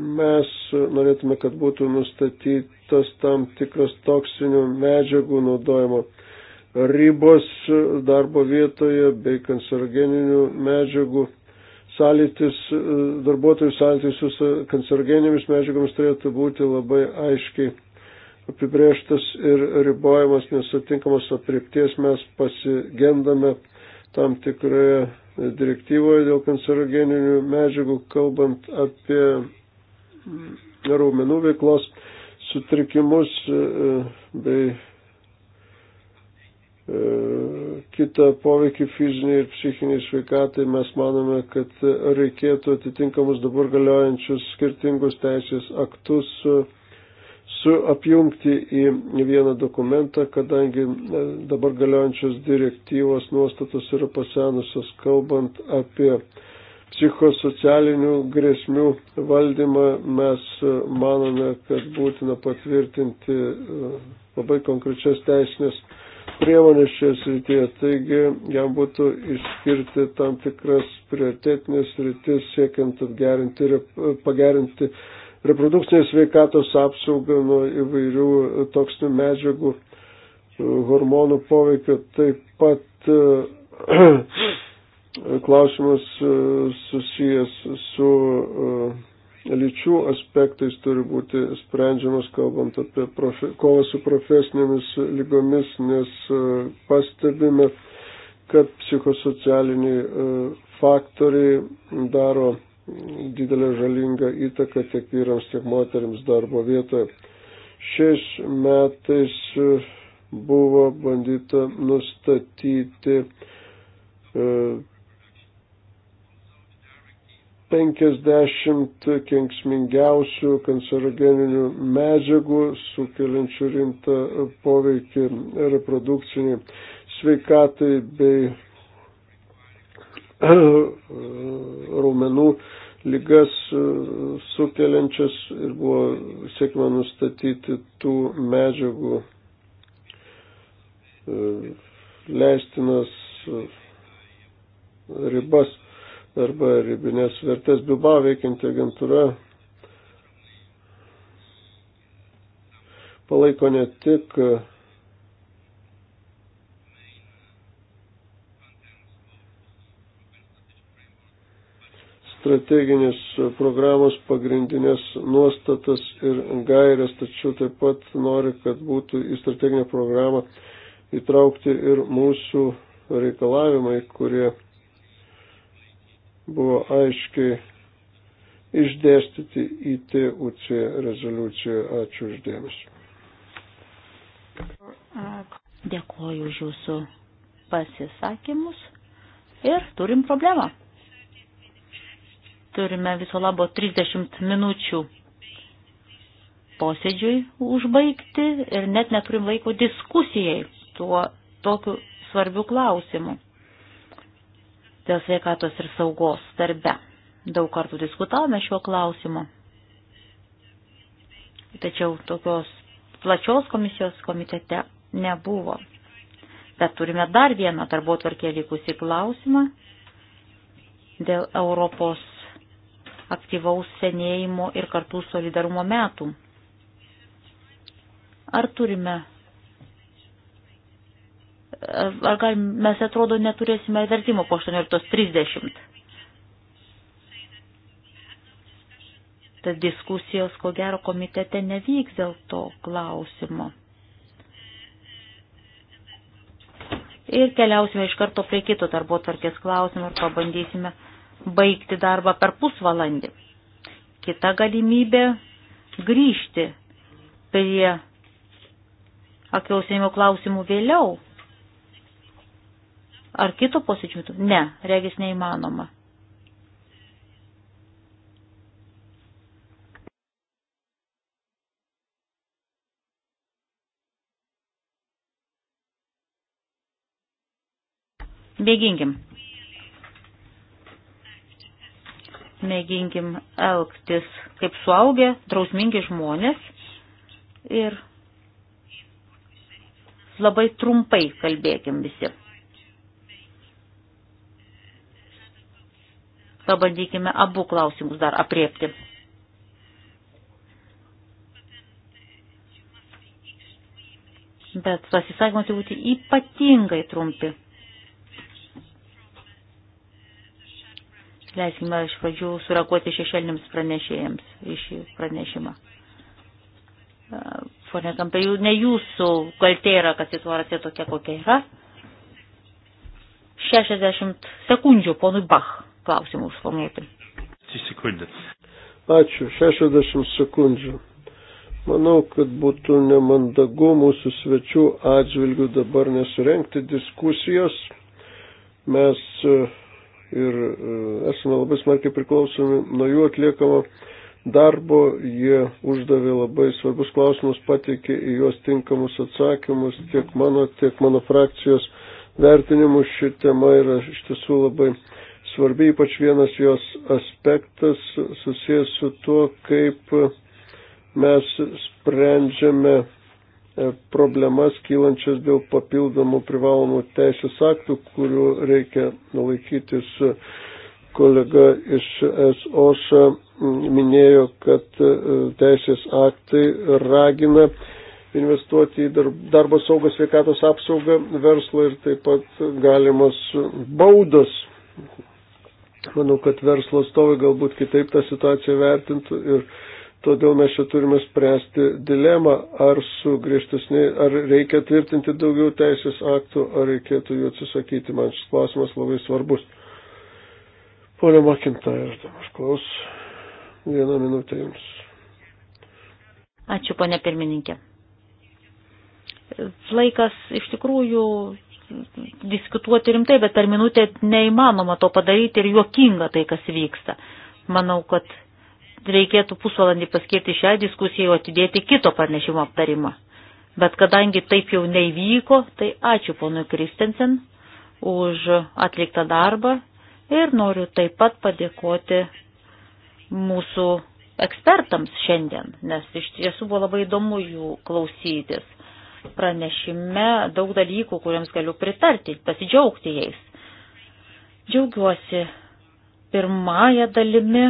Mes norėtume, kad būtų nustatytas tam tikras toksinių medžiagų naudojimo ribos darbo vietoje bei kancerogeninių medžiagų sąlytis, e, darbuotojų sąlytis su kancerogeninėmis medžiagomis turėtų būti labai aiškiai apibrėžtas ir ribojamas nesutinkamos apripties, mes pasigendame tam tikroje direktyvoje dėl kancerogeninių medžiagų, kalbant apie raumenų veiklos sutrikimus e, bei e, kitą poveikį fiziniai ir psichiniai sveikatai, mes manome, kad reikėtų atitinkamus dabar galiojančius skirtingus teisės aktus e, suapjungti į vieną dokumentą, kadangi e, dabar galiojančios direktyvos nuostatos yra pasenusios, kalbant apie psichosocialinių grėsmių valdymą, mes e, manome, kad būtina patvirtinti e, labai konkrečias teisinės priemonės šioje srityje. Taigi jam būtų išskirti tam tikras prioritetinės rytis, siekiant apgerinti ir pagerinti reprodukcinės sveikatos apsaugą nuo įvairių toksinių medžiagų, hormonų poveikio, taip pat e, klausimas e, susijęs su e, lyčių aspektais turi būti sprendžiamas, kalbant apie profe, kovą su profesinėmis lygomis, nes pastebime, kad psichosocialiniai faktoriai daro didelę žalingą įtaką tiek vyrams, tiek moteriams darbo vietoje. Šiais metais e, buvo bandyta nustatyti 50 e, kenksmingiausių kancerogeninių medžiagų sukeliančių rimtą poveikį reprodukciniai sveikatai bei raumenų lygas e, sukeliančias ir buvo sėkma nustatyti tų medžiagų e, leistinas e, ribas arba ribinės vertės Bilbao veikianti agentūra palaiko ne tik strateginės programos pagrindinės nuostatas ir gairias, tačiau taip pat nori, kad būtų į strateginę programą įtraukti ir mūsų reikalavimai, kurie buvo aiškiai išdėstyti į TUC rezoliuciją. Ačiū uždėmesi. Dėkuoju už jūsų pasisakymus ir turim problemą. Turime viso labo 30 minučių posėdžiui užbaigti ir net neturim laiko diskusijai tuo tokiu svarbiu klausimu dėl sveikatos ir saugos darbe. Daug kartų diskutavome šiuo klausimu. Tačiau tokios plačios komisijos komitete nebuvo. Bet turime dar vieną darbo tvarkė likusi klausimą dėl Europos aktyvaus senėjimo ir kartų solidarumo metų. Ar turime ar gal mes atrodo neturėsime vertimo po 18.30. Tad diskusijos, ko gero, komitete nevyks dėl to klausimo. Ir keliausime iš karto prie kito darbo tvarkės klausimo ir pabandysime baigti darbą per pusvalandį. Kita galimybė grįžti prie akiausėjimo klausimų vėliau. Ar kito posėdžio? Ne, regis neįmanoma. Bėginkim. mėginkim elgtis kaip suaugę, drausmingi žmonės ir labai trumpai kalbėkim visi. Pabandykime abu klausimus dar apriepti. Bet pasisakymas jau būti ypatingai trumpi. Leiskime iš pradžių surakuoti šešėlinėms pranešėjams iš pranešimą. E, pone Kampė, ne jūsų kaltė yra, kad situacija tokia kokia yra. 60 sekundžių ponui Bach klausimų užformuoti. Ačiū, 60 sekundžių. Manau, kad būtų nemandagu mūsų svečių atžvilgių dabar nesurenkti diskusijos. Mes uh, ir e, esame labai smarkiai priklausomi nuo jų atliekamo darbo. Jie uždavė labai svarbus klausimus, pateikė į juos tinkamus atsakymus tiek mano, tiek mano frakcijos vertinimu. Ši tema yra iš tiesų labai svarbi, ypač vienas jos aspektas susijęs su tuo, kaip mes sprendžiame E, problemas kylančias dėl papildomų privalomų teisės aktų, kurių reikia laikytis. Kolega iš SOŠA minėjo, kad e, teisės aktai ragina investuoti į darbo saugą, sveikatos apsaugą, verslą ir taip pat galimos baudos. Manau, kad verslo stovai galbūt kitaip tą situaciją vertintų ir Todėl mes čia turime spręsti dilemą, ar su griežtesnė, ar reikia tvirtinti daugiau teisės aktų, ar reikėtų jų atsisakyti. Man šis klausimas labai svarbus. Pone Makinta, ir aš klausiu. Vieną minutę jums. Ačiū, ponė pirmininkė. Laikas iš tikrųjų diskutuoti rimtai, bet per minutę neįmanoma to padaryti ir juokinga tai, kas vyksta. Manau, kad reikėtų pusvalandį paskirti šią diskusiją, o atidėti kito pranešimo aptarimą. Bet kadangi taip jau nevyko, tai ačiū ponui Kristensen už atliktą darbą ir noriu taip pat padėkoti mūsų ekspertams šiandien, nes iš tiesų buvo labai įdomu jų klausytis. Pranešime daug dalykų, kuriems galiu pritarti, pasidžiaugti jais. Džiaugiuosi pirmąją dalimi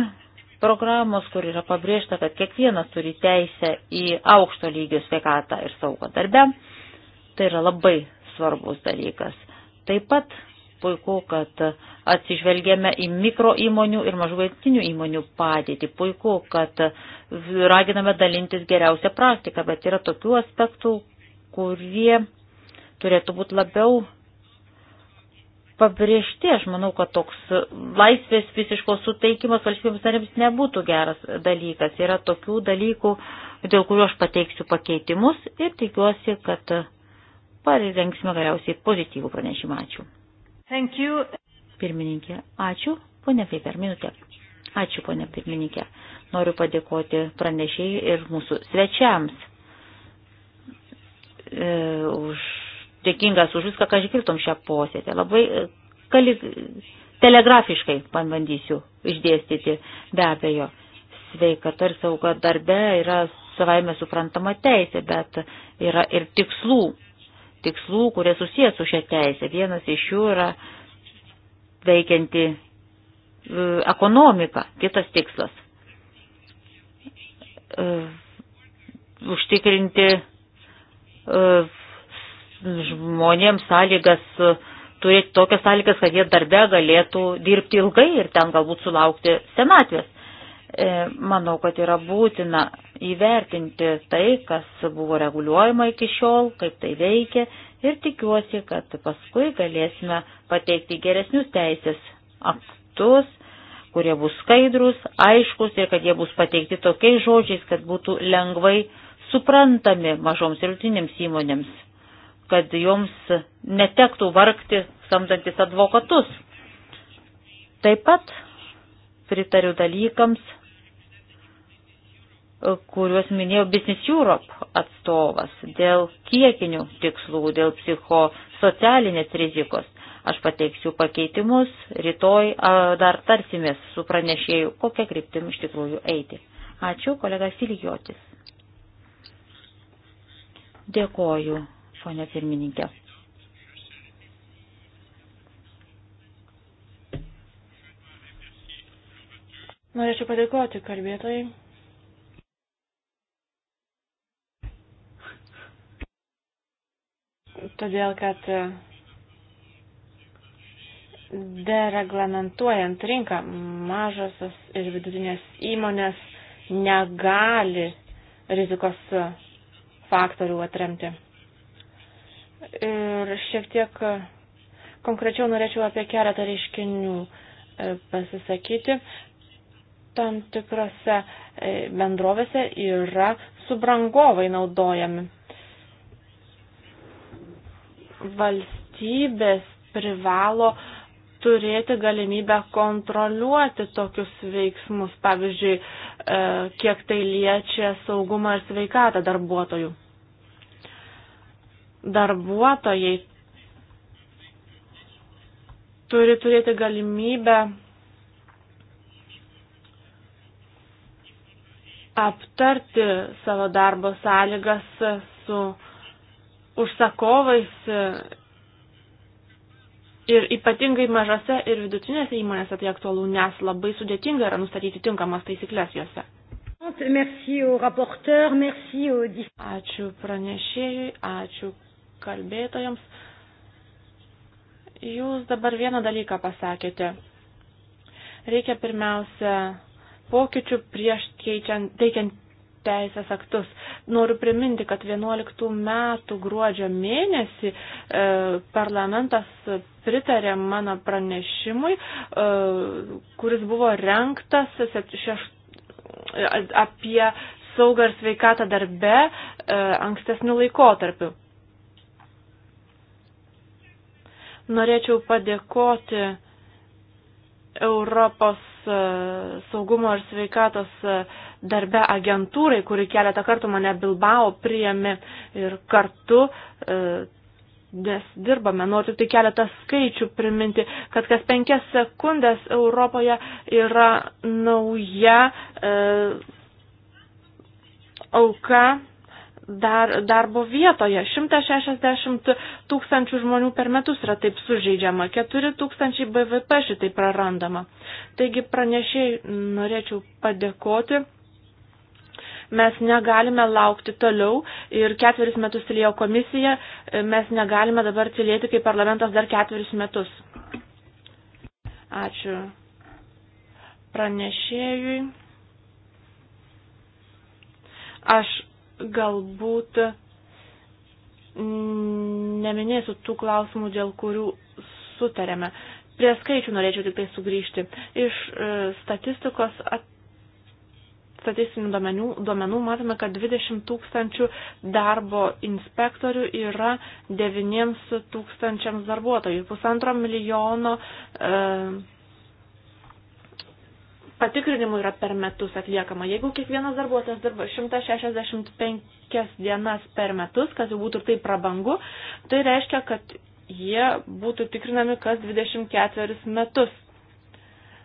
programos, kur yra pabrėžta, kad kiekvienas turi teisę į aukšto lygio sveikatą ir saugą darbę. Tai yra labai svarbus dalykas. Taip pat puiku, kad atsižvelgėme į mikro įmonių ir mažvaitinių įmonių padėtį. Puiku, kad raginame dalintis geriausią praktiką, bet yra tokių aspektų, kurie turėtų būti labiau pabrėžti. Aš manau, kad toks laisvės visiškos suteikimas valstybėms narėms nebūtų geras dalykas. Yra tokių dalykų, dėl kurių aš pateiksiu pakeitimus ir tikiuosi, kad parengsime galiausiai pozityvų pranešimą. Ačiū. Thank you. Pirmininkė, ačiū. Pone Piper, minutė. Ačiū, ponė pirmininkė. Noriu padėkoti pranešėjai ir mūsų svečiams e, už dėkingas už viską, ką išgirdom šią posėdę. Labai e, kali, telegrafiškai pabandysiu išdėstyti be abejo. Sveikata ir sauga darbe yra savaime suprantama teisė, bet yra ir tikslų, tikslų, kurie susijęs su šia teisė. Vienas iš jų yra veikianti e, ekonomika, kitas tikslas e, užtikrinti žmonėms sąlygas, e, turėti tokias sąlygas, kad jie darbe galėtų dirbti ilgai ir ten galbūt sulaukti senatvės. E, manau, kad yra būtina įvertinti tai, kas buvo reguliuojama iki šiol, kaip tai veikia ir tikiuosi, kad paskui galėsime pateikti geresnius teisės aktus, kurie bus skaidrus, aiškus ir kad jie bus pateikti tokiais žodžiais, kad būtų lengvai suprantami mažoms ir rutinėms įmonėms kad joms netektų vargti samdantis advokatus. Taip pat pritariu dalykams, kuriuos minėjo Business Europe atstovas dėl kiekinių tikslų, dėl psichosocialinės rizikos. Aš pateiksiu pakeitimus, rytoj a, dar tarsimės su pranešėju, kokią kryptim iš tikrųjų eiti. Ačiū, kolega Silijotis. Dėkoju, ponė pirmininkė. Norėčiau padėkoti kalbėtojai. Todėl, kad dereglamentuojant rinką mažosios ir vidutinės įmonės negali rizikos faktorių atremti. Ir šiek tiek konkrečiau norėčiau apie keletą reiškinių e, pasisakyti. Tam tikrose e, bendrovėse yra subrangovai naudojami. Valstybės privalo turėti galimybę kontroliuoti tokius veiksmus, pavyzdžiui, e, kiek tai liečia saugumą ir sveikatą darbuotojų darbuotojai turi turėti galimybę aptarti savo darbo sąlygas su užsakovais ir ypatingai mažose ir vidutinėse įmonėse tai aktualu, nes labai sudėtinga yra nustatyti tinkamas taisyklės juose. Ačiū pranešėjui, ačiū kalbėtojams. Jūs dabar vieną dalyką pasakėte. Reikia pirmiausia pokyčių prieš keičiant, teikiant teisės aktus. Noriu priminti, kad 11 metų gruodžio mėnesį e, parlamentas pritarė mano pranešimui, e, kuris buvo renktas šeš, apie saugą ir sveikatą darbe e, ankstesnių laikotarpių. Norėčiau padėkoti Europos e, saugumo ir sveikatos e, darbe agentūrai, kuri keletą kartų mane Bilbao priėmė ir kartu, e, nes dirbame, noriu tik tai keletą skaičių priminti, kad kas penkias sekundės Europoje yra nauja auka dar, darbo vietoje. 160 tūkstančių žmonių per metus yra taip sužeidžiama, 4 tūkstančiai BVP šitai prarandama. Taigi pranešėjai norėčiau padėkoti. Mes negalime laukti toliau ir ketveris metus tylėjo komisija, mes negalime dabar tylėti kaip parlamentas dar ketveris metus. Ačiū pranešėjui aš galbūt neminėsiu tų klausimų, dėl kurių sutarėme. Prie skaičių norėčiau tik tai sugrįžti. Iš e, statistikos at, statistinių duomenų, duomenų matome, kad 20 tūkstančių darbo inspektorių yra 9 tūkstančiams darbuotojų. Pusantro milijono e, patikrinimų yra per metus atliekama. Jeigu kiekvienas darbuotojas dirba 165 dienas per metus, kas jau būtų tai prabangu, tai reiškia, kad jie būtų tikrinami kas 24 metus.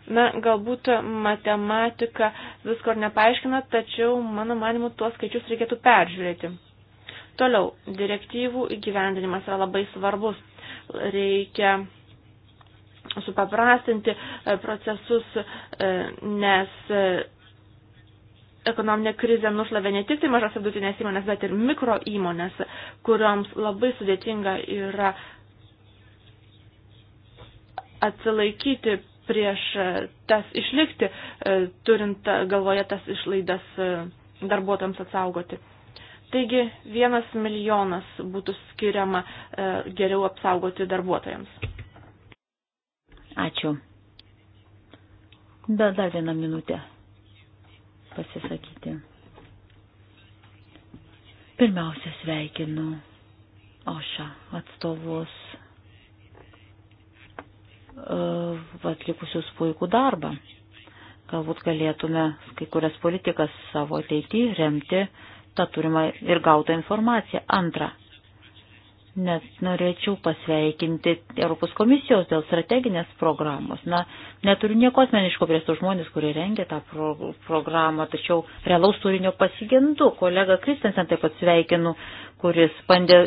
Na, galbūt matematika visko ir nepaaiškina, tačiau mano manimu tuos skaičius reikėtų peržiūrėti. Toliau, direktyvų įgyvendinimas yra labai svarbus. Reikia supaprastinti e, procesus, e, nes e, ekonominė krizė nušlavė ne tik tai mažas ir dutinės įmonės, bet ir mikro įmonės, kurioms labai sudėtinga yra atsilaikyti prieš tas išlikti, turint galvoje tas išlaidas darbuotojams atsaugoti. Taigi vienas milijonas būtų skiriama geriau apsaugoti darbuotojams. Ačiū. Da, dar vieną minutę pasisakyti. Pirmiausia, sveikinu Oša atstovus e, atlikusius puikų darbą. Galbūt galėtume kai kurias politikas savo ateityje remti tą turimą ir gautą informaciją. Antra, nes norėčiau pasveikinti Europos komisijos dėl strateginės programos. Na, neturiu nieko asmeniško prieš tos žmonės, kurie rengia tą pro programą, tačiau realaus turinio pasigendu. Kolega Kristensen taip pat sveikinu, kuris bandė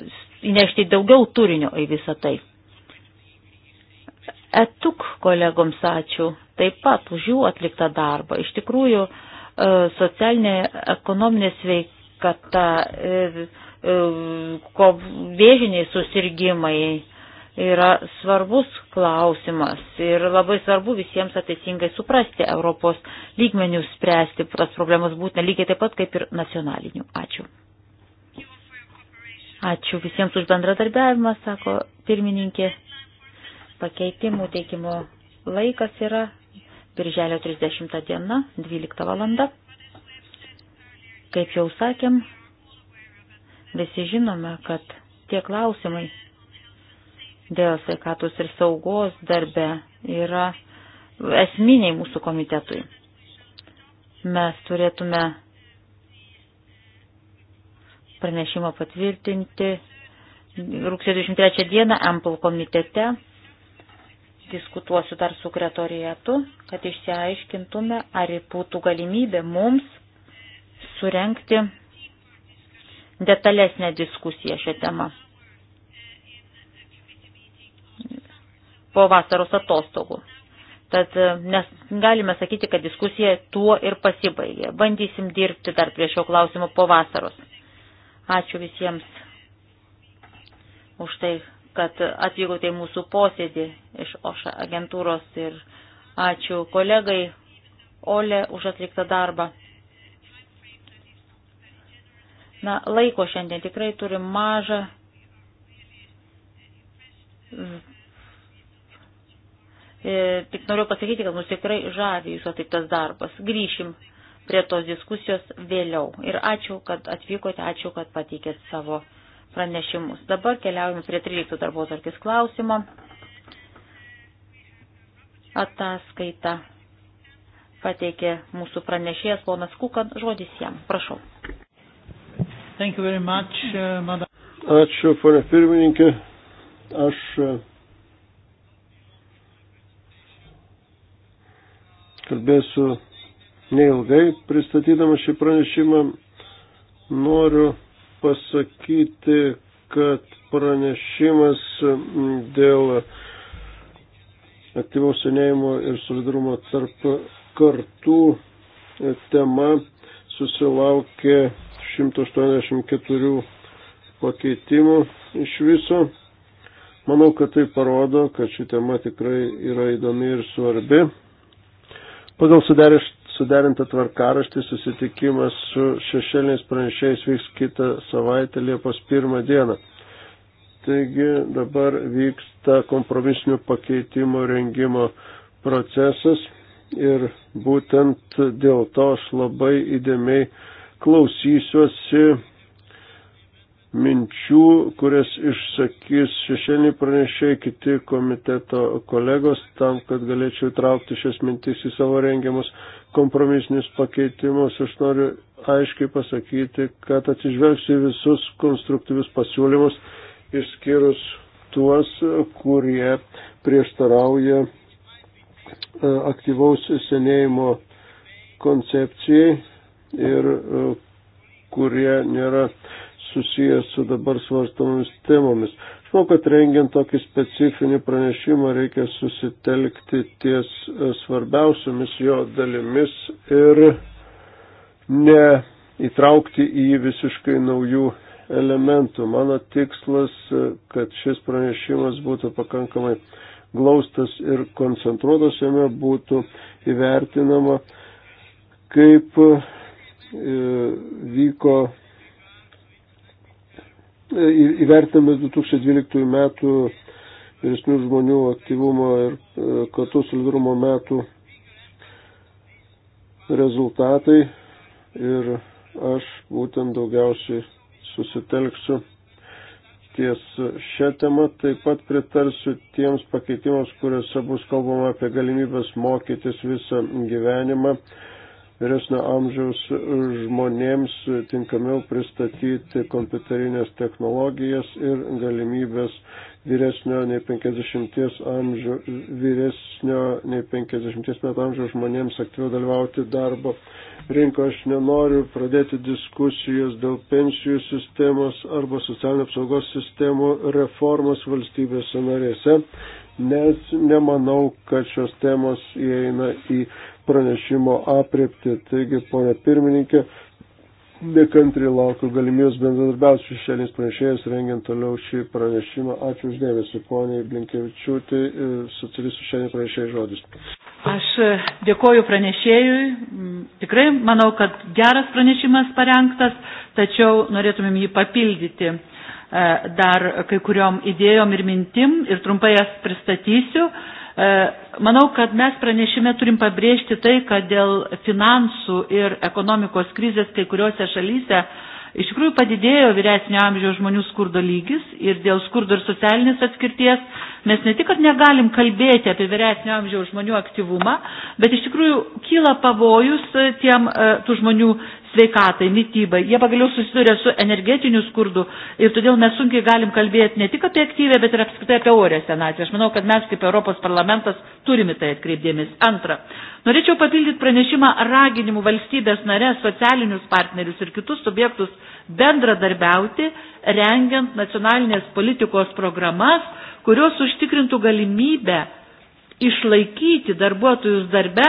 įnešti daugiau turinio į visą tai. Etuk kolegoms ačiū taip pat už jų atliktą darbą. Iš tikrųjų, e, socialinė ekonominė sveikata. E, E, ko vėžiniai susirgymai yra svarbus klausimas ir labai svarbu visiems ateisingai suprasti Europos lygmenių spręsti tas problemas būtent lygiai taip pat kaip ir nacionalinių. Ačiū. Ačiū visiems už bendradarbiavimą, sako pirmininkė. Pakeitimų teikimo laikas yra birželio 30 diena, 12 valanda. Kaip jau sakėm, Visi žinome, kad tie klausimai dėl sveikatos ir saugos darbe yra esminiai mūsų komitetui. Mes turėtume pranešimą patvirtinti rugsėjo 23 dieną Ample komitete. Diskutuosiu dar su kretorijatu, kad išsiaiškintume, ar būtų galimybė mums surenkti detalesnę diskusiją šią temą po vasaros atostogų. Tad e, nes galime sakyti, kad diskusija tuo ir pasibaigė. Bandysim dirbti dar prie šio klausimo po vasaros. Ačiū visiems už tai, kad atvykote į mūsų posėdį iš OŠA agentūros ir ačiū kolegai Ole už atliktą darbą. Na, laiko šiandien tikrai turim mažą. E, tik noriu pasakyti, kad mus tikrai žavi jūsų atliktas darbas. Grįšim prie tos diskusijos vėliau. Ir ačiū, kad atvykote, ačiū, kad pateikėt savo pranešimus. Dabar keliaujame prie 13 darbo tarkis klausimo. Ataskaita pateikė mūsų pranešėjas ponas Kukan. Žodis jam. Prašau. Thank you very much, uh, madam. Ačiū, ponė pirmininkė. Aš e, kalbėsiu neilgai pristatydama šį pranešimą. Noriu pasakyti, kad pranešimas dėl aktyvaus senėjimo ir solidarumo tarp kartų tema susilaukė 184 pakeitimų iš viso. Manau, kad tai parodo, kad ši tema tikrai yra įdomi ir svarbi. Pagal suderintą tvarkaraštį susitikimas su šešėliniais pranešėjais vyks kitą savaitę Liepos pirmą dieną. Taigi dabar vyksta kompromisinių pakeitimų rengimo procesas ir būtent dėl to aš labai įdėmiai klausysiuosi minčių, kurias išsakys šešėlį pranešėjai kiti komiteto kolegos, tam, kad galėčiau traukti šias mintis į savo rengiamus kompromisinius pakeitimus. Aš noriu aiškiai pasakyti, kad atsižvelgsiu visus konstruktyvius pasiūlymus, išskyrus tuos, kurie prieštarauja e, aktyvaus senėjimo koncepcijai ir e, kurie nėra susijęs su dabar svarstomomis temomis. Aš manau, kad rengiant tokį specifinį pranešimą reikia susitelkti ties e, svarbiausiamis jo dalimis ir neįtraukti į jį visiškai naujų elementų. Mano tikslas, e, kad šis pranešimas būtų pakankamai glaustas ir koncentruotas, jame būtų įvertinama, kaip E, vyko e, įvertinamas 2012 metų vyresnių žmonių aktyvumo ir e, kartu solidarumo metų rezultatai ir aš būtent daugiausiai susitelksiu ties šią temą. Taip pat pritarsiu tiems pakeitimams, kuriuose bus kalbama apie galimybės mokytis visą gyvenimą vyresnio amžiaus žmonėms tinkamiau pristatyti kompiuterinės technologijas ir galimybės vyresnio nei 50 amžių, vyresnio nei 50 metų amžiaus žmonėms aktyviau dalyvauti darbo rinkoje. Aš nenoriu pradėti diskusijos dėl pensijų sistemos arba socialinio apsaugos sistemų reformos valstybėse narėse, nes nemanau, kad šios temos įeina į pranešimo apriepti. Taigi, ponė pirmininkė, nekantriai laukiu galimybės bendradarbiauti su šešėliais pranešėjais, rengiant toliau šį pranešimą. Ačiū uždėmesi, ponė Blinkevičiūtė, socialistų šešėliai pranešėjai žodis. Aš e, dėkoju pranešėjui. Mm, tikrai manau, kad geras pranešimas parengtas, tačiau norėtumėm jį papildyti e, dar kai kuriom idėjom ir mintim ir trumpai jas pristatysiu. E, manau, kad mes pranešime turim pabrėžti tai, kad dėl finansų ir ekonomikos krizės kai kuriuose šalyse iš tikrųjų padidėjo vyresnio amžiaus žmonių skurdo lygis ir dėl skurdo ir socialinės atskirties Mes ne tik, kad negalim kalbėti apie vyresnio amžiaus žmonių aktyvumą, bet iš tikrųjų kyla pavojus e, tiem e, tų žmonių sveikatai, mytybai. Jie pagaliau susiduria su energetiniu skurdu ir todėl mes sunkiai galim kalbėti ne tik apie aktyvę, bet ir apskritai apie orę senatvę. Aš manau, kad mes kaip Europos parlamentas turime tai atkreipdėmės. Antra, norėčiau papildyti pranešimą raginimu valstybės narės, socialinius partnerius ir kitus subjektus bendradarbiauti, rengiant nacionalinės politikos programas kurios užtikrintų galimybę išlaikyti darbuotojus darbe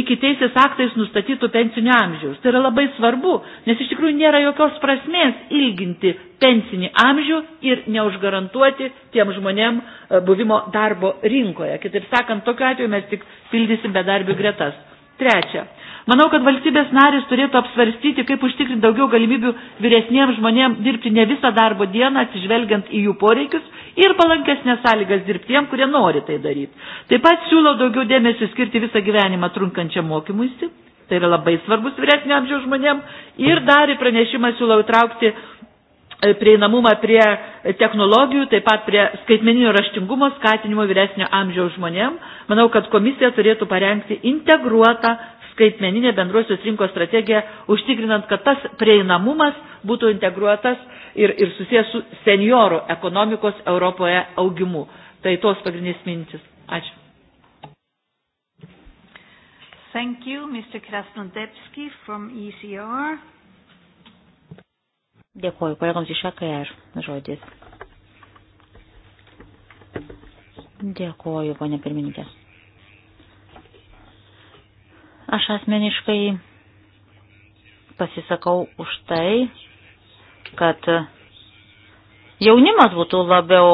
iki teisės aktais nustatytų pensinio amžiaus. Tai yra labai svarbu, nes iš tikrųjų nėra jokios prasmės ilginti pensinį amžių ir neužgarantuoti tiem žmonėm e, buvimo darbo rinkoje. Kitaip sakant, tokiu atveju mes tik pildysim bedarbių gretas. Trečia, Manau, kad valstybės narės turėtų apsvarstyti, kaip užtikrinti daugiau galimybių vyresniems žmonėms dirbti ne visą darbo dieną, atsižvelgiant į jų poreikius ir palankesnės sąlygas dirbti tiem, kurie nori tai daryti. Taip pat siūlau daugiau dėmesio skirti visą gyvenimą trunkančiam mokymuisi. Tai yra labai svarbus vyresnio amžiaus žmonėm. Ir dar į pranešimą siūlau įtraukti e, prieinamumą prie technologijų, taip pat prie skaitmeninio raštingumo skatinimo vyresnio amžiaus žmonėm. Manau, kad komisija turėtų parengti integruotą skaitmeninė bendrosios rinkos strategija, užtikrinant, kad tas prieinamumas būtų integruotas ir, ir susijęs su seniorų ekonomikos Europoje augimu. Tai tos pagrindinės mintis. Ačiū. Thank you, Mr. Krasnodebski from ECR. Dėkuoju kolegoms iš AKR žodis. Dėkuoju, ponė pirmininkė. Aš asmeniškai pasisakau už tai, kad jaunimas būtų labiau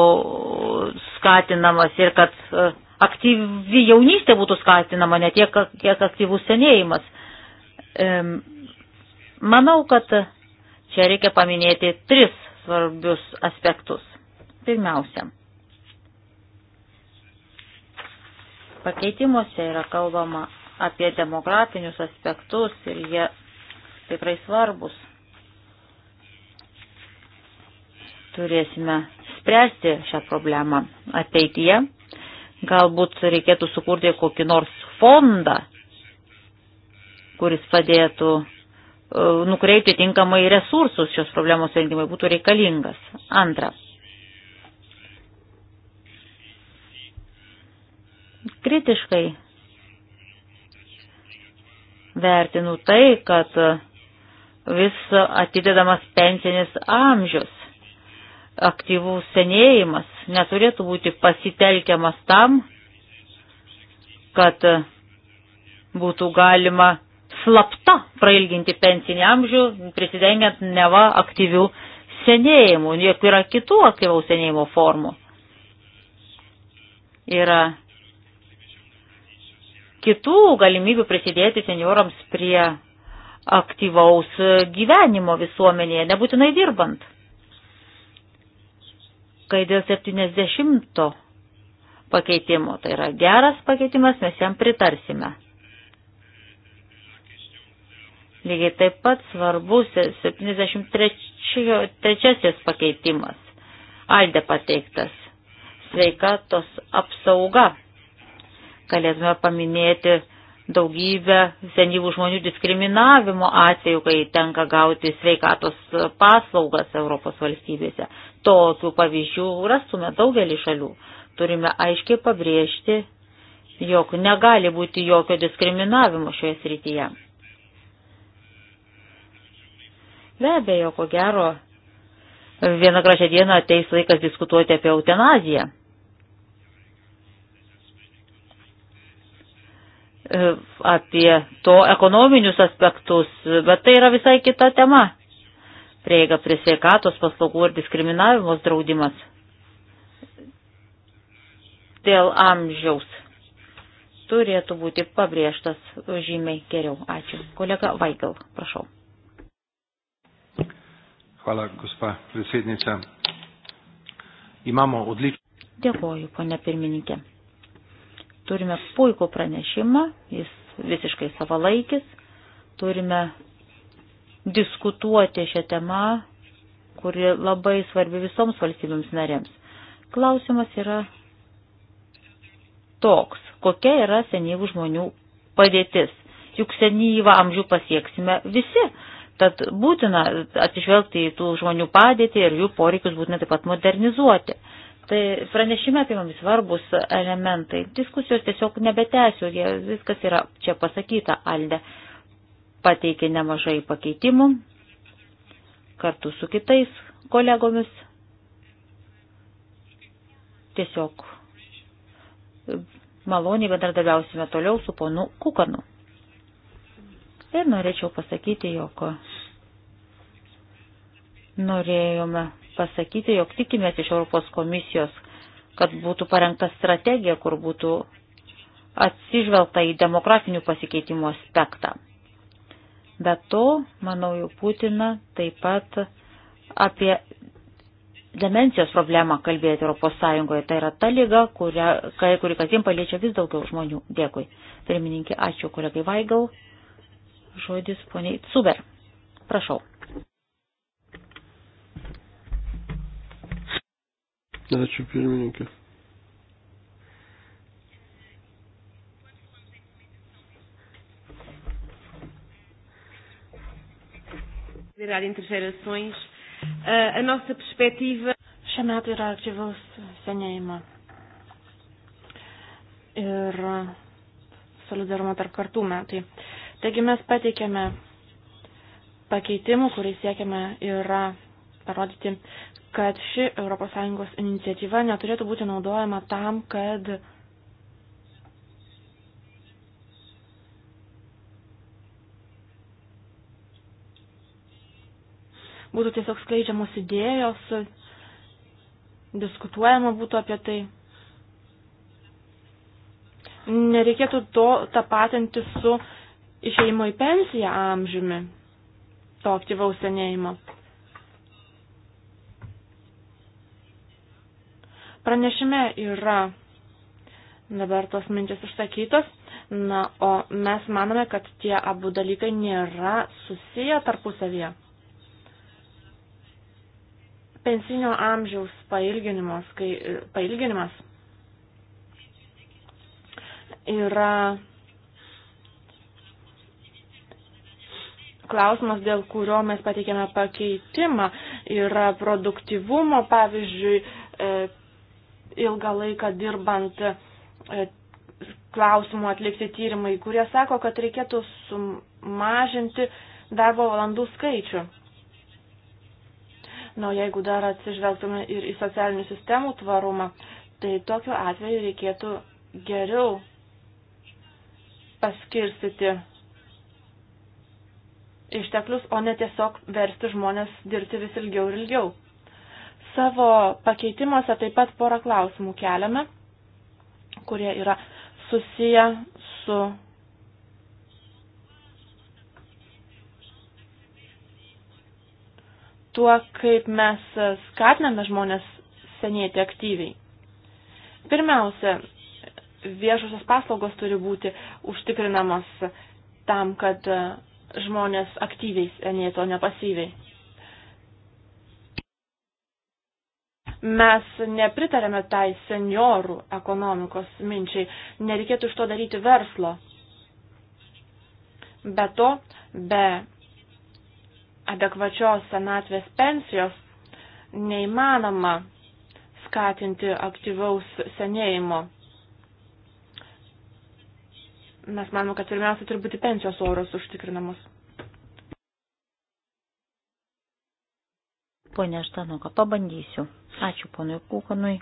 skatinamas ir kad e, aktyvi jaunystė būtų skatinama, ne tiek, kiek aktyvus senėjimas. Manau, kad čia reikia paminėti tris svarbius aspektus. Pirmiausia, pakeitimuose yra kalbama apie demografinius aspektus ir jie tikrai svarbus. Turėsime spręsti šią problemą ateityje. Galbūt reikėtų sukurti kokį nors fondą, kuris padėtų e, nukreipti tinkamai resursus šios problemos sprendimai būtų reikalingas. Antra. Kritiškai vertinu tai, kad vis atidedamas pensinis amžius, aktyvus senėjimas neturėtų būti pasitelkiamas tam, kad būtų galima slapta prailginti pensinį amžių, prisidengiant neva aktyvių senėjimų, juk yra kitų aktyvaus senėjimo formų. Yra kitų galimybių prisidėti seniorams prie aktyvaus gyvenimo visuomenėje, nebūtinai dirbant. Kai dėl 70 pakeitimo, tai yra geras pakeitimas, mes jam pritarsime. Lygiai taip pat svarbus 73 pakeitimas, Alde pateiktas, sveikatos apsauga Galėtume paminėti daugybę senyvų žmonių diskriminavimo atvejų, kai tenka gauti sveikatos paslaugas Europos valstybėse. Tokių pavyzdžių rastume daugelį šalių. Turime aiškiai pabrėžti, jog negali būti jokio diskriminavimo šioje srityje. Be abejo, ko gero, vieną gražią dieną ateis laikas diskutuoti apie eutanaziją. E, apie to ekonominius aspektus, bet tai yra visai kita tema. Prieiga prie sveikatos paslaugų ir diskriminavimos draudimas dėl amžiaus turėtų būti pabrėžtas žymiai geriau. Ačiū. Kolega Vaikal, prašau. Hvala, gospa predsednica. Imamo odlično. Dėkoju, ponia pirmininkė. Turime puikų pranešimą, jis visiškai savalaikis, turime diskutuoti šią temą, kuri labai svarbi visoms valstybėms narėms. Klausimas yra toks, kokia yra senyvų žmonių padėtis. Juk senyvą amžių pasieksime visi, tad būtina atsižvelgti į tų žmonių padėtį ir jų poreikius būtina taip pat modernizuoti. Tai pranešime apimami svarbus elementai. Diskusijos tiesiog nebetęsiu, jie, viskas yra čia pasakyta, Alde pateikė nemažai pakeitimų kartu su kitais kolegomis. Tiesiog maloniai bendradarbiausime toliau su ponu Kukanu. Ir norėčiau pasakyti, jog norėjome pasakyti, jog tikimės iš Europos komisijos, kad būtų parengta strategija, kur būtų atsižvelgta į demografinių pasikeitimų aspektą. Be to, manau, jau Putina taip pat apie demencijos problemą kalbėti Europos Sąjungoje. Tai yra ta lyga, kuria, kuri kasdien paliečia vis daugiau žmonių. Dėkui. Pirmininkė, ačiū kolegai Vaigal. Žodis poniai Cuber. Prašau. Ačiū pirmininkė. considerar entre gerações ah, a nossa perspectiva. Šiame yra aktyvaus senėjimo ir solidarumo tarp kartų metai. Taigi mes pateikėme pakeitimų, kuriais siekiame yra parodyti, kad ši ES iniciatyva neturėtų būti naudojama tam, kad būtų tiesiog skleidžiamos idėjos, diskutuojama būtų apie tai. Nereikėtų to tapatinti su išeimo į pensiją amžiumi, to aktyvaus senėjimo. Pranešime yra dabar tos mintis išsakytos, na, o mes manome, kad tie abu dalykai nėra susiję tarpusavyje. Pensinio amžiaus pailginimas, kai, pailginimas yra klausimas, dėl kurio mes pateikėme pakeitimą, yra produktivumo, pavyzdžiui, e, ilgą laiką dirbant e, klausimų atlikti tyrimai, kurie sako, kad reikėtų sumažinti darbo valandų skaičių. Na, jeigu dar atsižvelgtume ir į socialinių sistemų tvarumą, tai tokiu atveju reikėtų geriau paskirstyti išteklius, o ne tiesiog versti žmonės dirbti vis ilgiau ir ilgiau. Savo pakeitimuose taip pat porą klausimų keliame, kurie yra susiję su tuo, kaip mes skatiname žmonės senėti aktyviai. Pirmiausia, viešosios paslaugos turi būti užtikrinamos tam, kad žmonės aktyviai senėtų, o ne pasyviai. Mes nepritarėme tai seniorų ekonomikos minčiai, nereikėtų iš to daryti verslo. Be to, be adekvačios senatvės pensijos neįmanoma skatinti aktyvaus senėjimo. Mes manome, kad pirmiausia turi būti pensijos oros užtikrinamos. Pone Štanuka, pabandysiu. Ačiū ponui Kukanui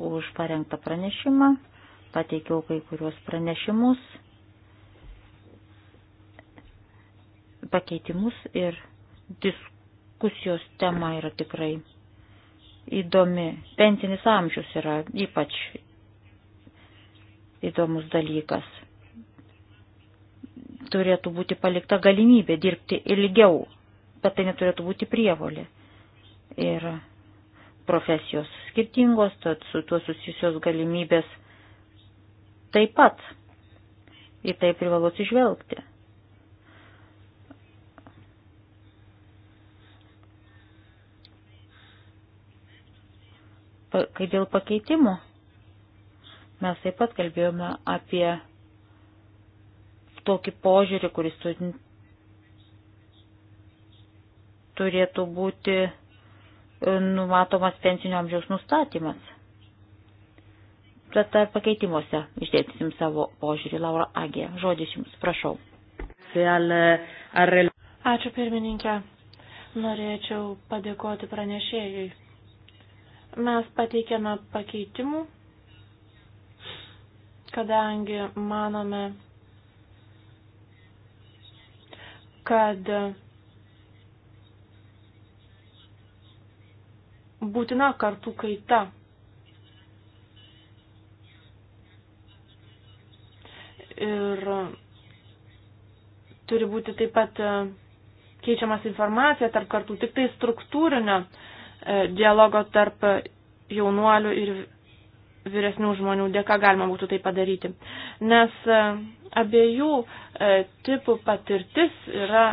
už parengtą pranešimą. Pateikiau kai kuriuos pranešimus, pakeitimus ir diskusijos tema yra tikrai įdomi. Pensinis amžius yra ypač įdomus dalykas. Turėtų būti palikta galimybė dirbti ilgiau, bet tai neturėtų būti prievolė ir profesijos skirtingos, tad su tuo susijusios galimybės taip pat į tai privalu atsižvelgti. Kai dėl pakeitimų, mes taip pat kalbėjome apie tokį požiūrį, kuris turėtų būti numatomas pensinio amžiaus nustatymas. Tad ar e, pakeitimuose išdėstysim savo požiūrį, Laura Agė. Žodis jums, prašau. Ačiū pirmininkė. Norėčiau padėkoti pranešėjui. Mes pateikėme pakeitimų, kadangi manome, kad būtina kartų kaita. Ir turi būti taip pat e, keičiamas informacija tarp kartų, tik tai struktūrinio e, dialogo tarp jaunuolių ir vyresnių žmonių dėka galima būtų tai padaryti. Nes e, abiejų tipų patirtis yra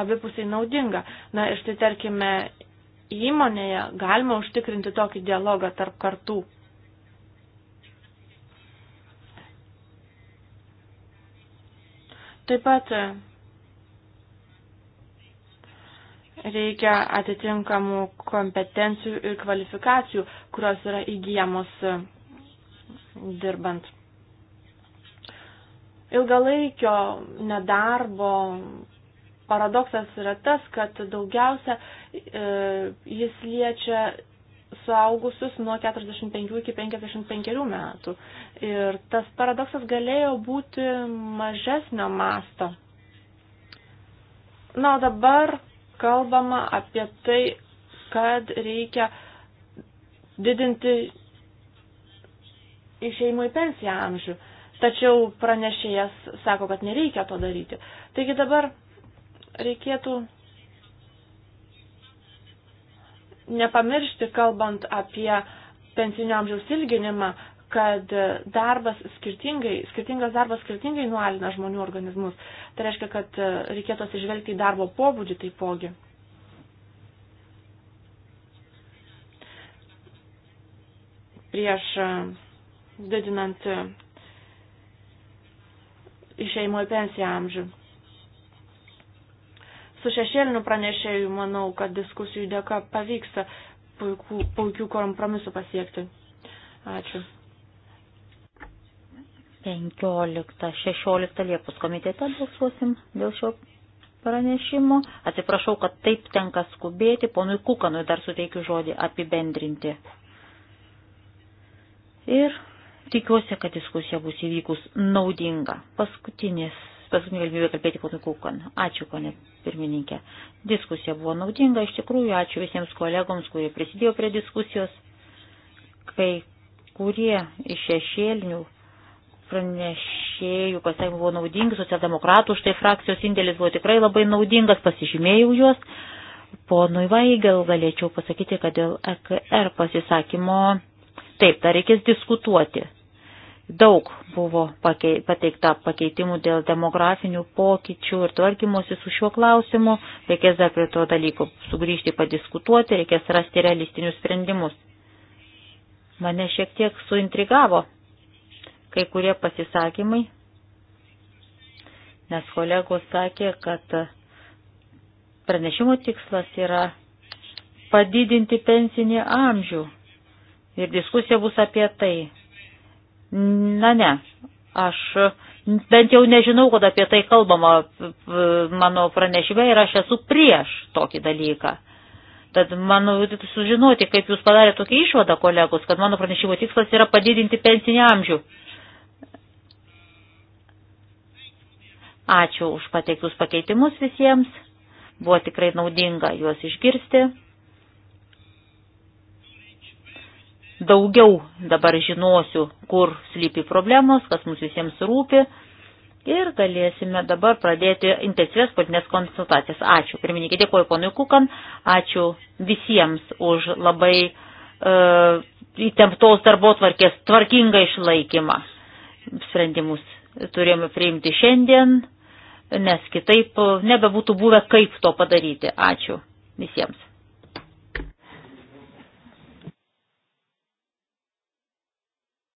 abipusiai naudinga. Na ir štai tarkime įmonėje galima užtikrinti tokį dialogą tarp kartų. Taip pat e, reikia atitinkamų kompetencijų ir kvalifikacijų, kurios yra įgyjamos e, dirbant. Ilgalaikio nedarbo paradoksas yra tas, kad daugiausia e, jis liečia suaugusius nuo 45 iki 55 metų. Ir tas paradoksas galėjo būti mažesnio masto. Na, o dabar kalbama apie tai, kad reikia didinti išeimo į pensiją amžių. Tačiau pranešėjas sako, kad nereikia to daryti. Taigi dabar reikėtų nepamiršti, kalbant apie pensinio amžiaus ilginimą, kad darbas skirtingai, skirtingas darbas skirtingai nualina žmonių organizmus. Tai reiškia, kad reikėtų atsižvelgti į darbo pobūdį taipogi. Prieš didinant išeimo į pensiją amžių. Su šešėliniu pranešėju manau, kad diskusijų dėka pavyks puikių, puikių kompromisų pasiekti. Ačiū. 15-16 Liepos komitete balsuosim dėl šio pranešimo. Atsiprašau, kad taip tenka skubėti. Ponui Kukanui dar suteikiu žodį apibendrinti. Ir tikiuosi, kad diskusija bus įvykus naudinga. Paskutinis paskutinį galimybę kalbėti ponui Kukan. Ačiū, ponė pirmininkė. Diskusija buvo naudinga, iš tikrųjų, ačiū visiems kolegoms, kurie prisidėjo prie diskusijos. Kai kurie iš šešėlinių pranešėjų pasakymų buvo naudingi, socialdemokratų štai frakcijos indėlis buvo tikrai labai naudingas, pasižymėjau juos. Ponui Vaigel galėčiau pasakyti, kad dėl EKR pasisakymo taip, dar reikės diskutuoti Daug buvo pakei, pateikta pakeitimų dėl demografinių pokyčių ir tvarkymosi su šiuo klausimu. Reikės dar prie to dalyko sugrįžti padiskutuoti, reikės rasti realistinius sprendimus. Mane šiek tiek suintrigavo kai kurie pasisakymai, nes kolegos sakė, kad pranešimo tikslas yra padidinti pensinį amžių. Ir diskusija bus apie tai. Na ne, aš bent jau nežinau, kad apie tai kalbama mano pranešime ir aš esu prieš tokį dalyką. Tad manau, sužinoti, kaip jūs padarėte tokį išvadą, kolegos, kad mano pranešimo tikslas yra padidinti pensinį amžių. Ačiū už pateiktus pakeitimus visiems. Buvo tikrai naudinga juos išgirsti. daugiau dabar žinosiu, kur slypi problemos, kas mums visiems rūpi ir galėsime dabar pradėti intensyvės politinės konsultacijas. Ačiū. Pirmininkė, dėkuoju ponui Kukan, ačiū visiems už labai uh, įtemptos darbo tvarkės tvarkingą išlaikymą. Sprendimus turėjome priimti šiandien, nes kitaip nebebūtų buvę kaip to padaryti. Ačiū visiems.